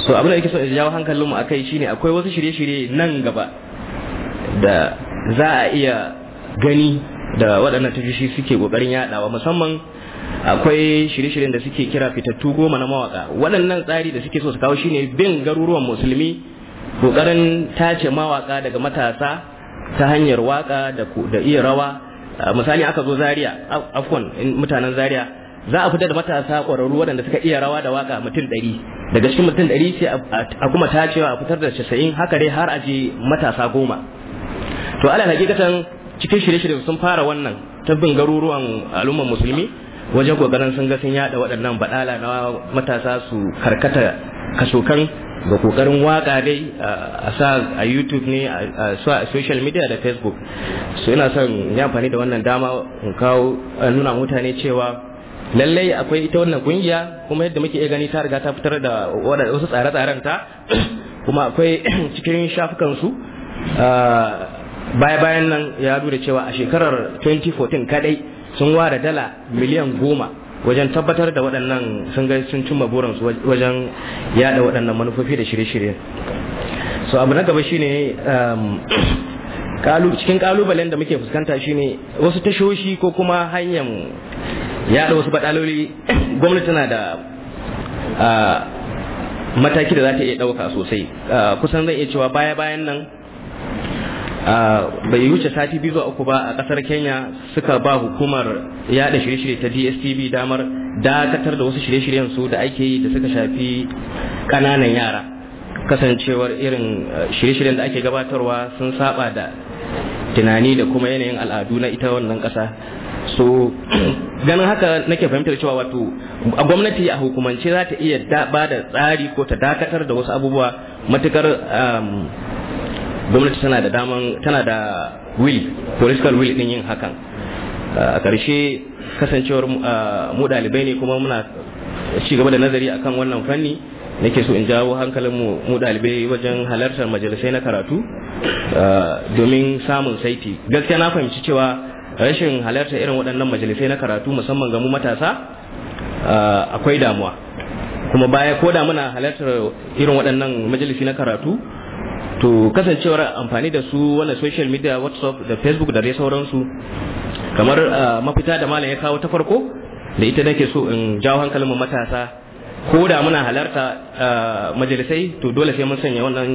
[SPEAKER 5] so abin da yake so in jawo hankalinmu a kai shine akwai wasu shirye-shirye nan gaba da za a iya gani da waɗannan tashoshi suke ƙoƙarin yaɗawa musamman akwai shirye-shiryen da suke kira fitattu goma na mawaka waɗannan tsari da suke so su kawo shine bin garuruwan musulmi ƙoƙarin tace mawaka daga matasa ta hanyar waka da iya rawa misali aka zo zaria afkon mutanen zaria za a fitar da matasa ƙwararru waɗanda suka iya rawa da waka mutum ɗari daga cikin mutum ɗari sai a kuma tacewa a fitar da casa'in haka dai har a je matasa goma to ala hakikatan cikin shirye-shirye sun fara wannan ta garuruwan al'ummar musulmi wajen kokarin sun ga sun yada waɗannan baɗala na matasa su karkata kasokan ga kokarin waka dai a sa a youtube ne a a social media da facebook so ina son ya amfani da wannan dama in kawo nuna mutane cewa lallai akwai ita wannan kungiya kuma yadda muke iya gani ta riga ta fitar da wasu tsare-tsaren ta *coughs* kuma akwai *coughs* cikin shafukansu. su baya bayan nan ya da cewa a shekarar 2014 kadai sun ware dala miliyan goma wajen tabbatar da waɗannan sun ga sun cimma burinsu wajen yada waɗannan manufofi da shirye-shirye so abu na gaba shine um, *clears throat* cikin kalubalen da muke fuskanta shine wasu tashoshi ko kuma hanyar yada wasu baɗaloli *clears throat* gwamnati na da uh, mataki da za ta iya dauka sosai uh, kusan zan iya cewa baya bayan nan bai wuce sati biyu zuwa uku ba a kasar kenya suka ba hukumar yada shirye-shirye ta dstv damar dakatar da wasu shirye-shiryen su da ake yi da suka shafi kananan yara kasancewar irin eh, shirye-shiryen da ake gabatarwa sun saba da tunani da kuma yanayin al'adu na ita wannan kasa so *clears throat* ganin haka nake fahimtar cewa wato a gwamnati a hukumance za ta iya ba da tsari ko ta dakatar da wasu abubuwa matukar ehm, gwamnati tana da daman tana da will political will din yin hakan a ƙarshe kasancewar mu ɗalibai ne kuma muna ci gaba da nazari akan wannan fanni nake so in jawo hankalin mu ɗalibai wajen halartar majalisai na karatu domin samun saiti gaskiya na fahimci cewa rashin halartar irin waɗannan majalisai na karatu musamman ga mu matasa akwai damuwa kuma baya ko da muna halartar irin waɗannan majalisi na karatu to kasancewar amfani da su wannan social media whatsapp da facebook da dai sauransu kamar ah, mafita da malam ya kawo ta farko da ita nake so in jawo hankalin matasa ko da muna halarta ah, majalisai to dole sai mun sanya wannan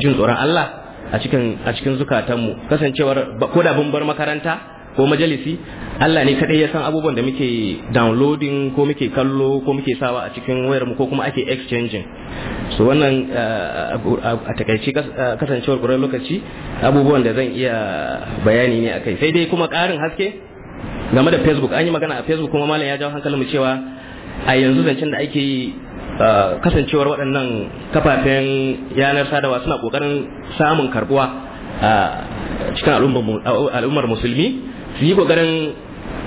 [SPEAKER 5] jin tsoron Allah a cikin a cikin zukatanmu kasancewar ko da mun bar makaranta ko majalisi Allah ne kadai ya san abubuwan da muke downloading ko muke kallo ko muke sawa a cikin wayar mu ko kuma ake exchanging so wannan uh, a takaici uh, kasancewar lokaci abubuwan da zan iya bayani ne akai sai dai kuma karin haske game da facebook an yi magana a facebook kuma malam ya jawo hankalin mu cewa a yanzu zancen da ake yi uh, kasancewar waɗannan kafafen yanar sadarwa suna ƙoƙarin samun karbuwa a cikin al'ummar musulmi su yi kokarin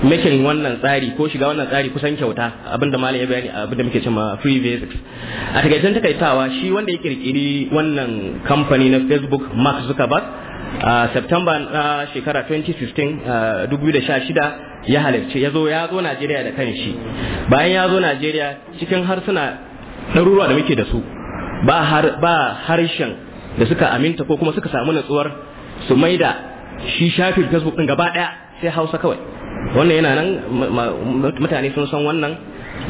[SPEAKER 5] mekin wannan tsari ko shiga wannan tsari kusan kyauta abinda malam ya bayani abinda muke cewa free basics a takaicen takaitawa shi wanda ya kirkiri wannan kamfani na facebook mark zuckerberg a september na shekara 2016 2016 ya halarci ya zo ya zo najeriya da kanshi bayan ya zo najeriya cikin harsuna ɗaruruwa da muke da su ba harshen da suka aminta ko kuma suka samu natsuwar su maida shi shafin facebook ɗin gaba ɗaya sai hausa kawai wannan yana nan mutane sun san wannan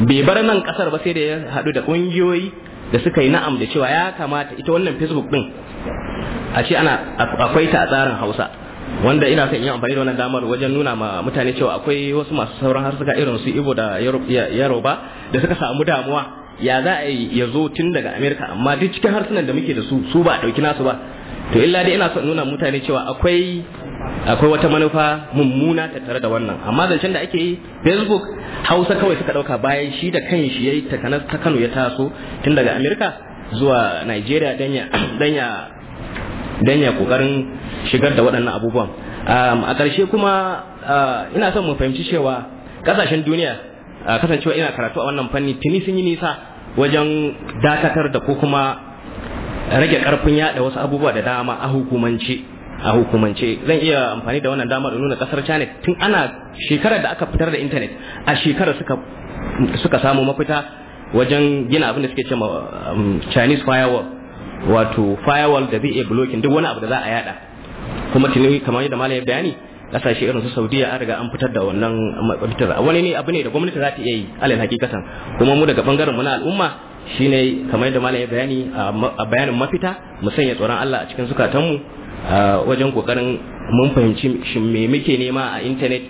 [SPEAKER 5] bai bar nan kasar ba sai da ya haɗu da ƙungiyoyi da suka yi na'am da cewa ya kamata ita wannan facebook din a ce ana akwai ta a tsarin hausa wanda ina son yi amfani da wannan damar wajen nuna ma mutane cewa akwai wasu masu sauran harsuka irin su ibo da yaroba da suka samu damuwa ya za a yi ya zo tun daga amerika amma duk cikin harsunan da muke da su su ba a ɗauki nasu ba to illa dai ina son nuna mutane cewa akwai akwai wata manufa mummuna tattare da wannan amma zancen da ake yi facebook hausa kawai suka dauka bayan shi da kan shi yayi takanas ta kano ya taso tun daga america zuwa nigeria ya *coughs* dan ya kokarin shigar da waɗannan abubuwan a ƙarshe kuma ina son mu fahimci cewa ƙasashen duniya kasancewa ina karatu a wannan fanni tuni sun yi nisa wajen dakatar da ko kuma rage karfin yada wasu abubuwa da dama a hukumance a hukumance zan iya amfani da wannan dama da nuna kasar China tun ana shekarar da aka fitar da internet a shekarar suka suka samu mafita wajen gina abin da suke cewa um, Chinese firewall wato firewall da zai blocking duk wani abu da za a yada kuma tuni kamar yadda malam bayani kasashe irin su Saudiya an riga an fitar da wannan um, wani ne abu ne da gwamnati za ta iya yi alal hakikatan kuma mu daga bangaren mu na al'umma shine kamar da malam ya bayani a bayanin mafita mu sanya tsoron Allah a cikin zukatanmu wajen kokarin mun fahimci me muke nema a internet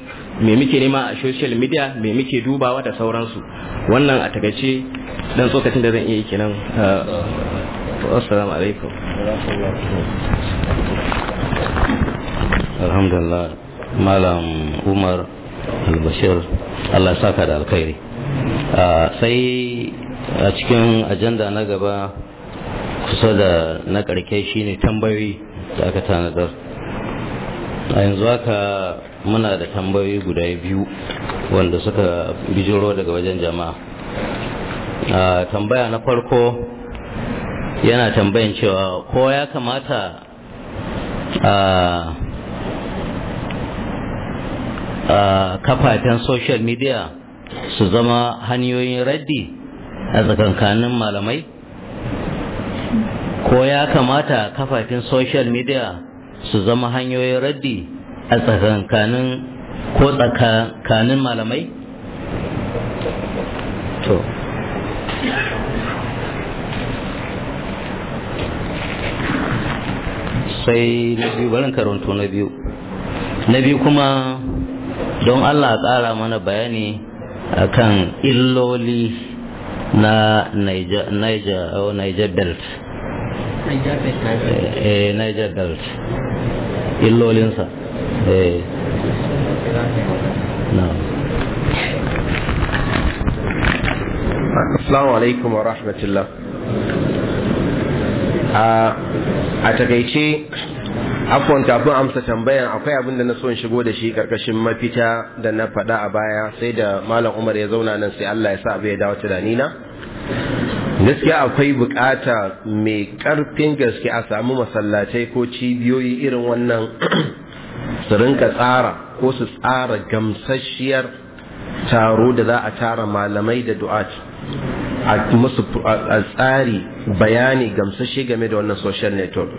[SPEAKER 5] me muke nema a social media me muke dubawa da sauransu wannan a takaice dan tsokacin
[SPEAKER 1] da zan iya kenan assalamu alaikum alhamdulillah malam umar albashir allah saka da alkhairi sai a cikin ajanda na gaba kusa da na karke shi ne tambayoyi da aka tanadar a yanzu haka muna da tambayoyi guda biyu wanda suka bijiro daga wajen jama'a a tambaya na farko yana tambayin cewa ko ya kamata a kafafen social media su zama hanyoyin raddi a tsakankanin malamai ko ya kamata kafafen social media su zama hanyoyin raddi a tsakankanin ko tsakanin malamai to sai na biyu barin karanto na biyu na biyu kuma don allah ƙara mana bayani akan illoli na niger niger oh, niger belt niger belt eh, eh,
[SPEAKER 6] illolinsa eh. Assalamu alaikum wa rahmatullah. Ah, a takaice afon kafin amsa tambayan akwai abin da na so in shigo da shi karkashin mafita da na faɗa a baya sai da malam umar ya zauna nan sai Allah ya sa abu ya dawo na gaskiya akwai bukata mai karfin gaske a samu masallatai ko cibiyoyi irin wannan *clears throat* su rinka tsara ko su tsara gamsasshiyar taro da za a tara malamai da du'at a musu tsari bayani gamsashe game da wannan social network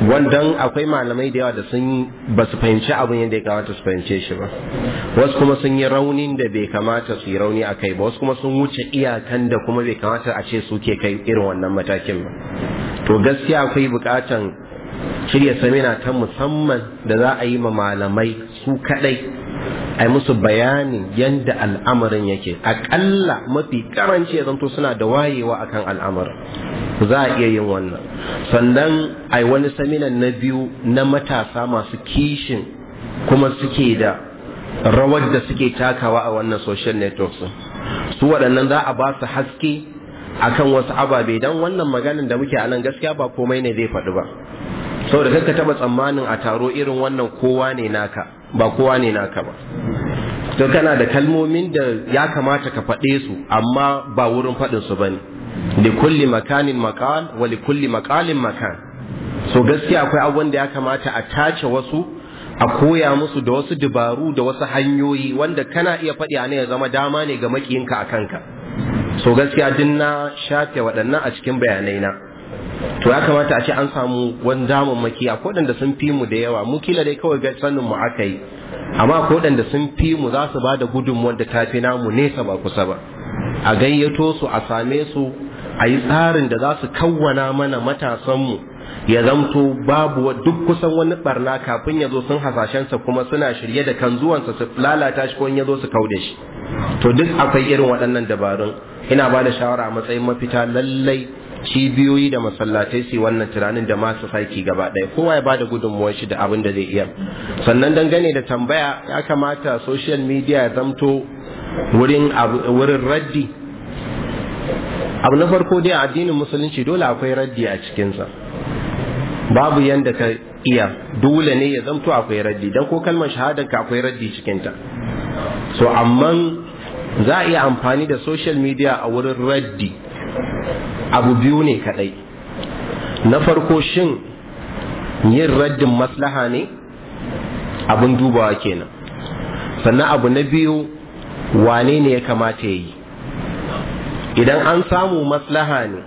[SPEAKER 6] wandan akwai malamai da yawa da sun ba su fahimci abin yadda ya kamata su fahimce shi ba wasu kuma sun yi raunin da bai kamata su yi rauni a kai ba wasu kuma sun wuce iyakan da kuma bai kamata a ce su ke kai irin wannan matakin ba to gaskiya akwai bukatan shirya samina ta musamman da za a yi ma malamai su kadai ai musu bayani yadda al'amarin yake aƙalla mafi karanci ya zanto suna da wayewa akan al'amarin za a iya yin wannan sannan ai wani saminan na biyu na matasa masu kishin kuma suke da rawar da suke takawa a wannan social networks su waɗannan za a ba su haske akan wasu ababe don wannan maganin da muke a nan gaskiya ba komai ne zai faɗi ba saboda kanka taɓa tsammanin a taro irin wannan kowa ne naka ba kowa ne naka ba to kana da kalmomin da ya kamata ka faɗe su amma ba wurin faɗin su bane li kulli makanin makan wa li kulli makalin makan so gaskiya akwai abubuwan da ya kamata a tace wasu a koya musu da wasu dabaru da wasu hanyoyi wanda kana iya faɗi a ya zama dama ne ga makiyinka a kanka so gaskiya duk na shafe waɗannan a cikin bayanai na to ya kamata a ce an samu wani maki a kodanda sun fi mu da yawa mu kila dai kawai ga sanin mu aka yi amma kodanda sun fi mu za su ba da gudunmuwar da tafi namu nesa ba kusa ba a gayyato su a same su a yi tsarin da za su kawwana mana matasanmu ya zamto babu duk kusan wani barna kafin ya zo sun hasashensa kuma suna shirye da kan zuwansa su lalata shi ko in ya zo su kaude shi to duk akwai irin waɗannan dabarun ina ba da shawara a matsayin mafita lallai cibiyoyi da masallatai su wannan tunanin da masu saiki gaba ɗaya kowa ya bada gudunmuwar shi da abin da zai iya sannan dangane da tambaya ya kamata social media ya zamto wurin raddi abu na farko dai addinin musulunci dole akwai raddi a cikinsa babu yanda ka iya dole ne ya zamto akwai raddi dan ko kalmar shahadar ka akwai raddi cikinta so amma za a iya amfani da social media a wurin raddi abu biyu ne kadai na farko shin yin raddin maslaha ne abin dubawa kenan sannan abu na biyu wane ne ya kamata ya yi idan an samu maslaha ne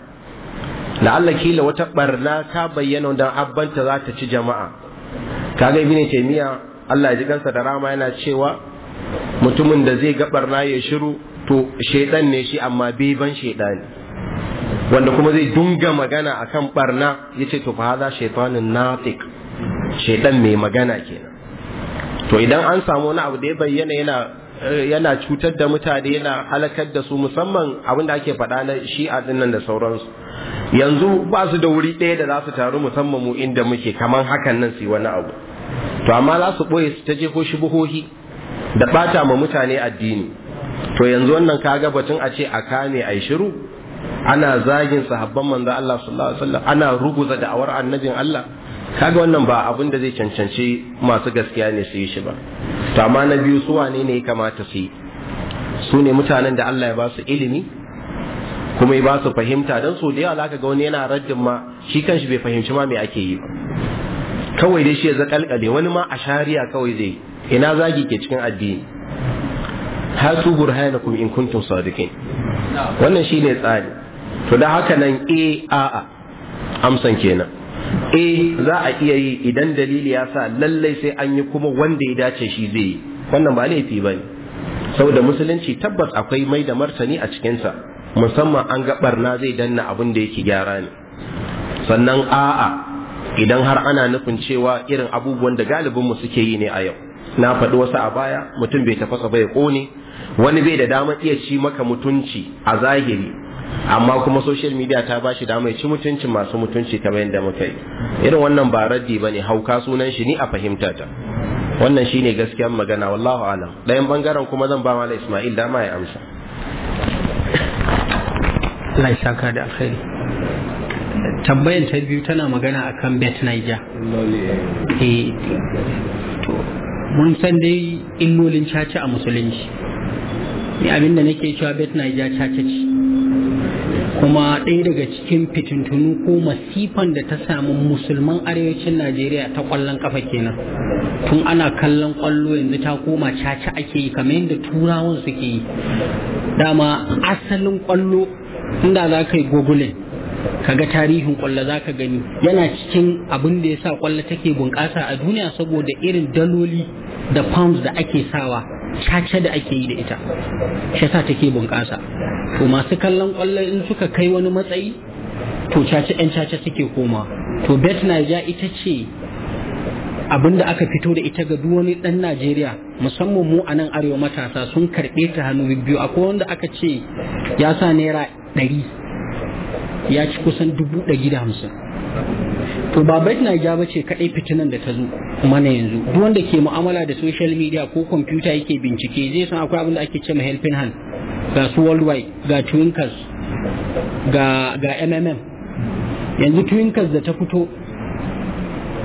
[SPEAKER 6] la'alla kila wata barna ka bayyana don abbanta za ta ci jama'a kaga ibn taymiya Allah ya ji kansa da rama yana cewa mutumin da zai ga barna ya shiru to shaidan ne shi amma bai ban ne. wanda kuma zai dunga magana a kan barna yace to fa haza shaitanin natik shaitan mai magana kenan to idan an samu wani abu da ya bayyana eh, yana cutar da mutane yana halakar da su musamman abin da ake faɗa na shi a dinnan da sauransu yanzu ba su da wuri ɗaya da za su taru musamman mu inda muke kaman hakan nan su wani abu to amma za su ɓoye su ta jefo buhohi da ɓata ma mutane addini to yanzu wannan kaga batun a ce a kame a shiru ana zagin sahabban manzo Allah sallallahu alaihi wasallam ana ruguza da'awar annabin Allah kaga wannan ba abin da zai cancanci masu gaskiya ne su yi shi ba to amma na biyu su wane ne ya kamata su yi su ne mutanen da Allah ya ba su ilimi kuma ya ba su fahimta don so da yawa zaka ga wani yana raddin ma shi kanshi bai fahimci ma me ake yi ba kawai dai shi ya zakalkale wani ma a shari'a kawai zai ina zagi ke cikin addini hatu burhanakum in kuntum sadiqin wannan shi ne tsari to da haka nan e a a amsan kenan e za a iya yi idan dalili ya sa lallai sai an yi kuma wanda ya dace shi zai yi wannan ba laifi ba ne saboda musulunci tabbas akwai mai da martani a cikinsa musamman an ga barna zai danna abin da yake gyara ne sannan a'a idan har ana nufin cewa irin abubuwan da galibinmu suke yi ne a yau na faɗi wasu a baya mutum bai tafasa bai ƙone wani bai da damar iya ci maka mutunci a zahiri amma kuma social media ta ba shi damar ci mutuncin masu mutunci kamar yadda muka yi irin wannan ba raddi ba ne hauka sunan shi ni a fahimta ta wannan shine gaskiyar magana wallahu alam ɗayan bangaren kuma zan ba mala Ismail dama ya amsa
[SPEAKER 2] Allah tambayar ta biyu tana magana akan Bet Niger mun san dai illolin caca a musulunci ni abinda nake cewa bet naija caca ce kuma ɗaya daga cikin fitintunu ko masifan da ta samu musulman arewacin najeriya ta ƙwallon kafa kenan tun ana kallon ƙwallo yanzu ta koma caca ake yi kamar yadda turawan suke yi dama asalin ƙwallo inda za ka yi gogulin kaga tarihin kwalla za ka gani yana cikin abin da ya sa kwalla take bunƙasa a duniya saboda irin daloli da pounds da ake sawa caca da ake yi da ita shi sa take bunƙasa to masu kallon kwallo in suka kai wani matsayi to caca yan caca suke koma to bet ja ita ce abin da aka fito da ita ga duk wani ɗan Najeriya musamman mu a nan arewa matasa sun karɓe ta hannu biyu akwai wanda aka ce ya sa naira ɗari ya ci kusan dubu ɗari da hamsin to ba bait naija ba ce kaɗai fitinan da ta zo mana yanzu duk wanda ke mu'amala da social media ko kwamfuta yake bincike zai san akwai abin da ake ce ma helping hand ga su worldwide ga twinkers ga ga mmm yanzu twinkers da ta fito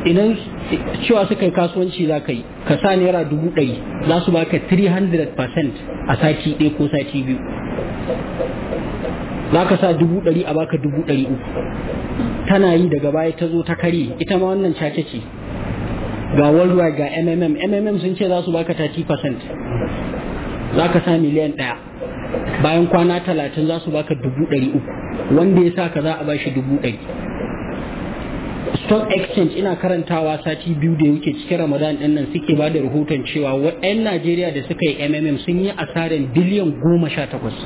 [SPEAKER 2] idan cewa suka yi kasuwanci za ka yi ka sa naira dubu ɗari za su baka 300% a sati ɗaya ko sati biyu za ka sa dubu ɗari a baka dubu ɗari uku tana yi daga baya ta zo ta kare ita ma wannan cace ce ga worldwide ga mmm mmm sun ce za su baka 30% za ka sa miliyan ɗaya bayan kwana talatin za su baka dubu ɗari uku wanda ya sa ka za a ba shi dubu ɗari stock exchange ina karantawa sati biyu da yake cikin ramadan ɗin nan suke ba da rahoton cewa waɗannan najeriya da suka yi mmm sun yi asarar biliyan goma sha takwas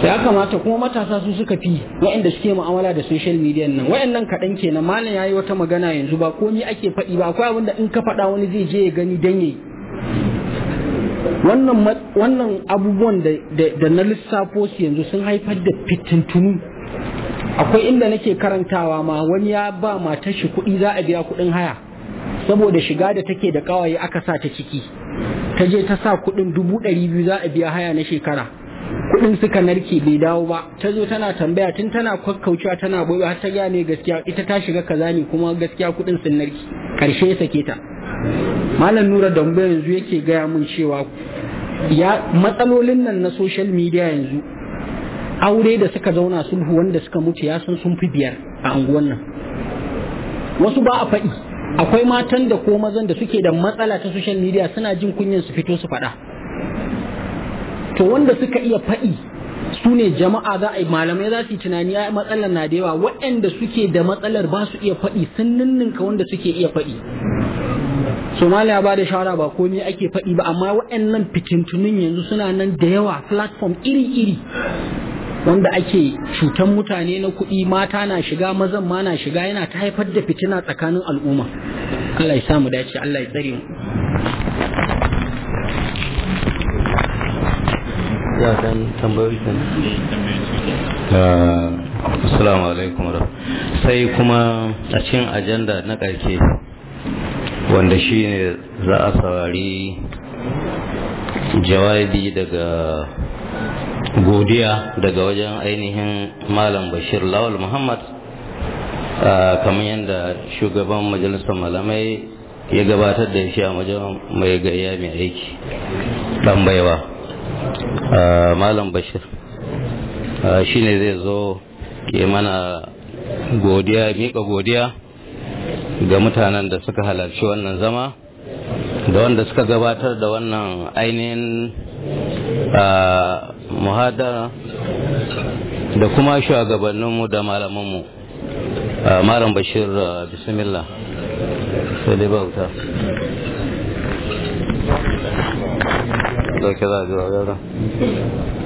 [SPEAKER 2] sai ya kamata kuma matasa su suka fi waɗanda suke ma'amala da social media nan waɗannan kaɗan kenan malam yayi wata magana yanzu ba komai ake faɗi ba akwai abin da in ka faɗa wani zai je ya gani dan yayi wannan wannan abubuwan da da na lissafo su yanzu sun haifar da fitintunu akwai inda nake karantawa ma wani ya ba matar shi kuɗi za a biya kuɗin haya saboda shiga da take da kawaye aka sa ta ciki ta je ta sa kuɗin dubu ɗari biyu za a biya haya na shekara kuɗin suka narke bai dawo ba ta zo tana tambaya tun tana kwakkaucewa tana boye har ta gane gaskiya ita ta shiga kaza ne kuma gaskiya kuɗin sun narke karshe ya sake ta malam nura dambe yanzu yake gaya mun cewa ya matsalolin nan na social media yanzu aure da suka zauna sulhu wanda suka mutu ya san sun fi biyar a anguwan nan wasu ba a faɗi akwai matan da ko mazan da suke da matsala ta social media suna jin kunyan su fito su faɗa to wanda suka iya faɗi su ne jama'a za a yi malamai za su yi tunani a matsalar na da yawa waɗanda suke da matsalar ba su iya faɗi sun ninninka wanda suke iya faɗi somaliya ba da shawara ba komai ake faɗi ba amma waɗannan fitintunin yanzu suna nan da yawa platform iri-iri wanda ake cutan mutane na kuɗi mata na shiga mazan ma na shiga yana ta haifar da fitina tsakanin al'umma Allah ya samu dace Allah ya tsare mu
[SPEAKER 1] sai kuma a cin ajanda na karke wanda shi ne za a saurari jawabi daga godiya daga wajen ainihin malam bashir lawal muhammad kamar yadda shugaban majalisar malamai ya gabatar da shi a wajen mai gayya mai aiki ɗan baiwa Eh, malam bashir eh, shi ne zai zo ke mana godiya miƙa godiya ga mutanen da suka halarci wannan zama da wanda suka gabatar da wannan ainihin eh, muhadara da kuma shugabanninmu da malamanmu malam bashir bismillah sai dai bauta کے
[SPEAKER 3] جو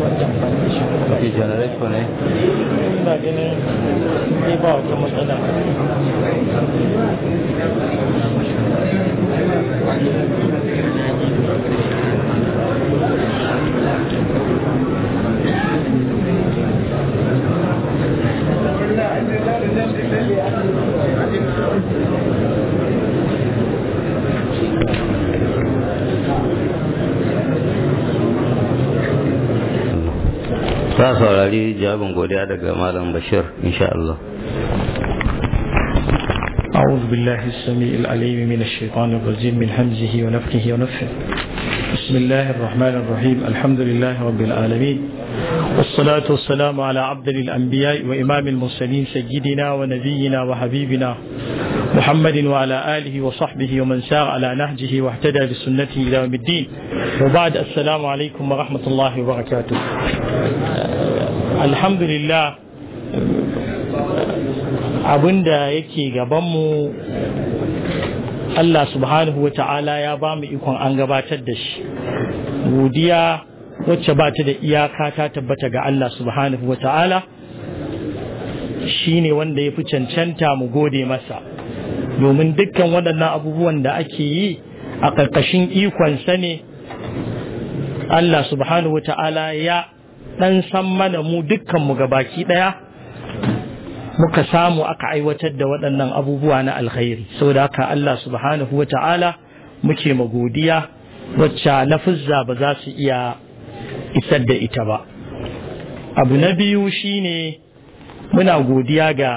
[SPEAKER 3] ake amfani da shi ke janareto Thank you. ta saurari
[SPEAKER 1] jawabin godiya daga malam bashir insha Allah
[SPEAKER 7] أعوذ بالله السميع العليم من الشيطان الرجيم من همزه ونفخه ونفخه بسم الله الرحمن الرحيم الحمد لله رب العالمين والصلاة والسلام على عبد الأنبياء وإمام المرسلين سيدنا ونبينا وحبيبنا محمد وعلى آله وصحبه ومن سار على نهجه واهتدى بسنته إلى يوم الدين وبعد السلام عليكم ورحمة الله وبركاته الحمد لله abin da yake gabanmu Allah subhanahu wa ta'ala ya ba mu ikon an gabatar da shi godiya wacce ba ta da iyaka ta tabbata ga Allah subhanahu wa ta'ala shi ne wanda ya fi cancanta mu gode masa domin dukkan waɗannan abubuwan da ake yi a ƙarƙashin ikonsa ne Allah subhanahu wata'ala ya ɗan san mana mu dukkanmu ga baki ɗaya muka samu aka aiwatar da waɗannan abubuwa na alkhairi saboda haka Allah subhanahu wata'ala muke magodiya wacce fuzza ba za su iya isar da ita ba abu na biyu shine muna godiya ga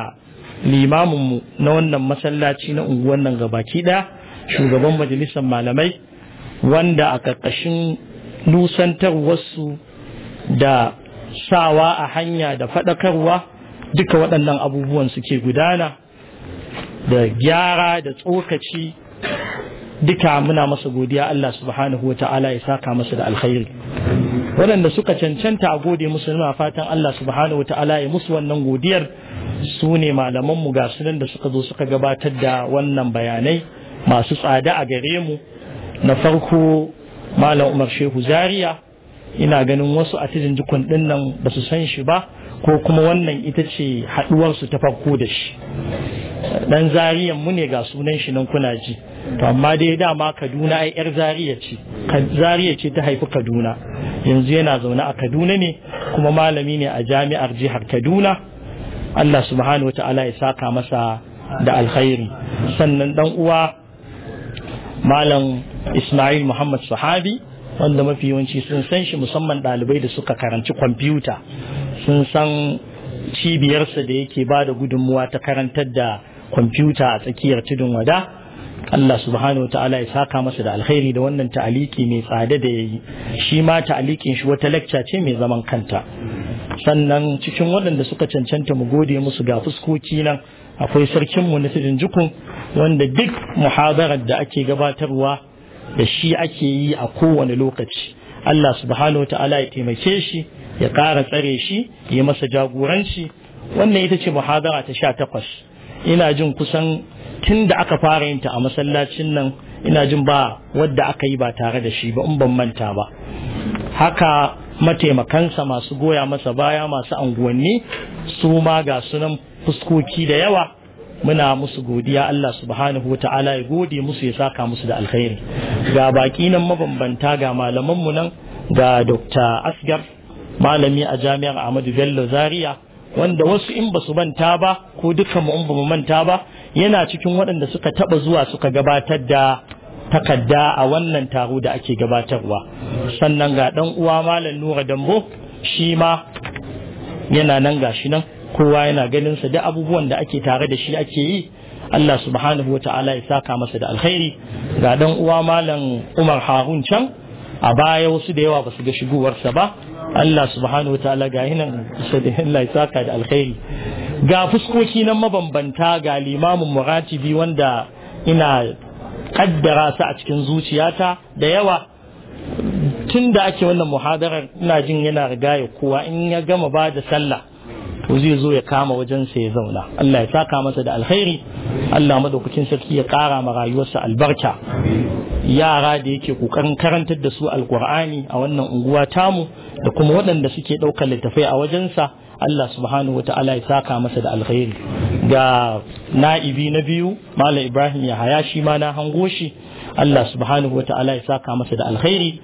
[SPEAKER 7] limaminmu na wannan masallaci na unguwan nan gabaki ɗaya shugaban majalisar malamai wanda a ƙarƙashin wasu da sawa a hanya da faɗakarwa duka waɗannan abubuwan suke gudana da gyara da tsokaci duka muna masa godiya Allah subhanahu wa ta'ala ya saka masa da alkhairi waɗanda suka cancanta a gode musu fatan Allah subhanahu wa ta'ala ya musu wannan godiyar su ne malamanmu ga sunan da suka zo suka gabatar da wannan bayanai masu tsada a gare mu na farko malam umar shehu Zariya ina ganin wasu a tijin jikon din nan ba su san shi ba ko kuma wannan ita ce haɗuwarsu ta farko da shi dan zariyan mu ne ga sunan shi nan kuna ji to amma dai dama kaduna ai yar zariya ce zariya ce ta haifi kaduna yanzu yana zaune a kaduna ne kuma malami ne a jami'ar jihar kaduna Allah subhanahu wata'ala ya saka masa da alkhairi sannan dan uwa malam Ismail Muhammad Sahabi wanda mafi yawanci sun san shi musamman ɗalibai da suka karanci kwamfuta sun san cibiyarsa da yake ba da gudunmuwa ta karantar da kwamfuta a tsakiyar tudun wada Allah subhanahu wa ta'ala ya saka masa da alkhairi da wannan ta'aliki mai tsada da yayi shi ma ta'alikin shi wata lacca ce mai zaman kanta sannan cikin waɗanda suka cancanta mu gode musu ga fuskoki nan akwai sarkin mu na jikun wanda duk muhadarar da ake gabatarwa da shi ake yi a kowane lokaci Allah subhanahu wa ta'ala ya taimake shi ya ƙara tsare shi ya masa jagoranci wannan ita ce muhadara ta sha takwas ina jin kusan tun da aka fara yinta a masallacin nan ina jin ba wadda aka yi ba tare da shi ba in ban manta ba haka mataimakansa masu goya masa baya masu anguwanni su ma ga sunan fuskoki da yawa muna musu godiya Allah subhanahu wa ta'ala ya gode musu ya saka musu da alkhairi ga baki nan mabambanta ga malamanmu nan ga Dr. Asgar malami a jami'ar Ahmadu Bello Zaria wanda wasu in basu su manta ba ko dukkan mu in ba mu manta ba yana cikin waɗanda suka taɓa zuwa suka gabatar da takadda a wannan taro da ake gabatarwa sannan ga ɗan uwa malam nura dambo shi ma yana nan ga shi nan kowa yana ganin sa da abubuwan da ake tare da shi ake yi Allah subhanahu wa ta'ala ya saka masa da alkhairi ga ɗan uwa malam Umar Harun can a baya wasu da yawa basu ga shigowarsa ba Allah subhanahu wa ta'ala ga hinan Allah ya saka da alkhairi ga fuskoki nan mabambanta ga limamin muratibi wanda ina kaddara su a cikin zuciyata da yawa tun da ake wannan muhadarar ina jin yana riga ya kowa in ya gama ba da sallah to zai zo ya kama wajen sa ya zauna Allah ya saka masa da alkhairi Allah madaukakin sarki ya kara ma rayuwarsa albarka yara da yake kokarin karantar da su alkur'ani a wannan unguwa tamu da kuma waɗanda suke ɗaukar littafai a wajensa Allah subhanahu wata'ala ya saka masa da alkhairi ga na'ibi na biyu Malam Ibrahim ya haya shi ma na hango shi Allah subhanahu wata'ala ya saka masa da alkhairi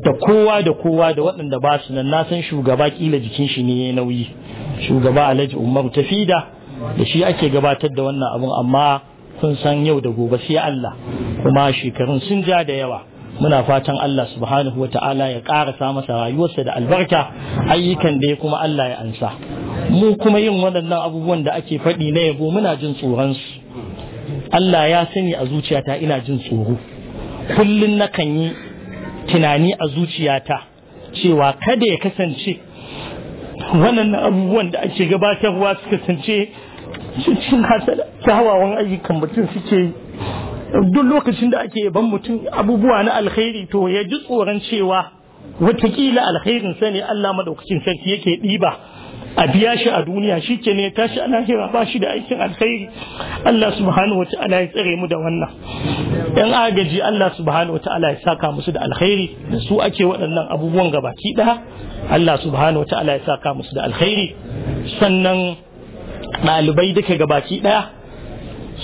[SPEAKER 7] da kowa da kowa da waɗanda ba su nan na san shugaba kila jikin shi ne ya nauyi shugaba Alhaji Umar Tafida da shi ake gabatar da wannan abun amma kun san yau da gobe sai Allah kuma shekarun sun ja da yawa muna fatan Allah subhanahu wa ta'ala ya karasa masa rayuwarsa da albarka ayyukan da ya kuma Allah ya ansa mu kuma yin waɗannan abubuwan da ake faɗi na yabo muna jin tsoronsu Allah ya sani a zuciyata ina jin tsoro kullum nakan yi tunani a zuciyata cewa kada ya kasance waɗannan abubuwan da ake gabatarwa su kasance cikin hasada kyawawan ayyukan mutum suke yi duk lokacin da ake ban mutum abubuwa na alkhairi to ya ji tsoron cewa watakila alkhairin sa ne Allah madaukakin sarki yake ɗiba a biya shi a duniya shi ke ne tashi a lahira ba shi da aikin alkhairi Allah subhanahu wa ta'ala ya tsare mu da wannan yan agaji Allah subhanahu wa ta'ala ya saka musu da alkhairi da su ake waɗannan abubuwan gabaki ɗaya Allah subhanahu wa ta'ala ya saka musu da alkhairi sannan ɗalibai duka gabaki ɗaya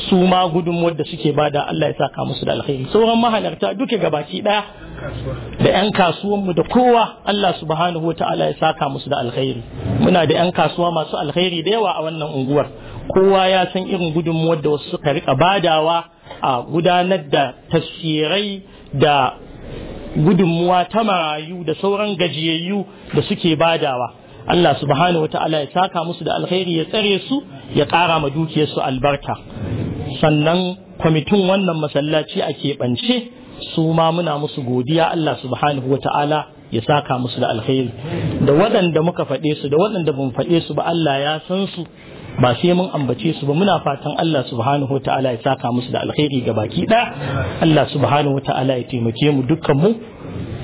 [SPEAKER 7] su ma gudunmuwar da suke bada Allah ya saka musu da alkhairi sauran mahalarta duka gabaki daya da yan kasuwan mu da kowa Allah subhanahu wataala ya saka musu da alkhairi muna da yan kasuwa masu alkhairi da yawa a wannan unguwar kowa ya san irin gudunmuwar da wasu suka rika badawa a gudanar da tasirai da gudunmuwa ta marayu da sauran gajiyayyu da suke badawa Allah subhanahu wata'ala ya saka musu da alkhairi ya tsare su ya kara ma dukiyarsu albarka sannan kwamitin wannan masallaci a keɓance su ma muna musu godiya Allah subhanahu wata'ala ya saka musu da alkhairi da waɗanda muka faɗe su da waɗanda ban faɗe su ba Allah ya san su ba sai mun ambace su ba muna fatan Allah subhanahu wa ya saka musu da alkhairi ga baki da Allah subhanahu wa ya taimake mu dukkan mu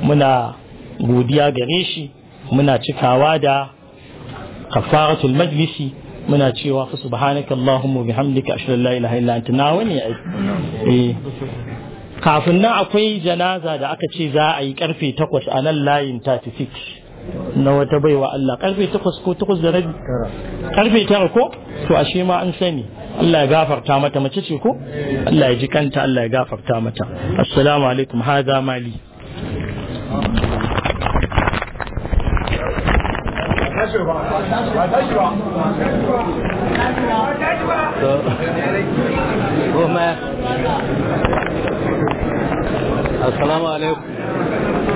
[SPEAKER 7] muna godiya gare shi muna cikawa da kafaratul majlisi muna cewa fa subhanaka allahumma bihamdika ashhadu an la ilaha illa anta na wani. Eh. kafin nan akwai janaza da aka ce za a yi karfe 8 a nan layin 36 na wata baiwa Allah karfe 8 ko 8 da rabi karfe 9 ko to ashe ma an sani Allah ya gafarta mata mace ce ko Allah ya ji kanta Allah ya gafarta mata assalamu alaikum hadha mali
[SPEAKER 3] tashi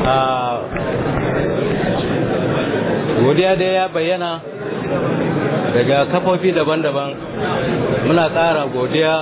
[SPEAKER 3] ah, godiya dai ya bayyana daga kafofi daban-daban muna ƙara godiya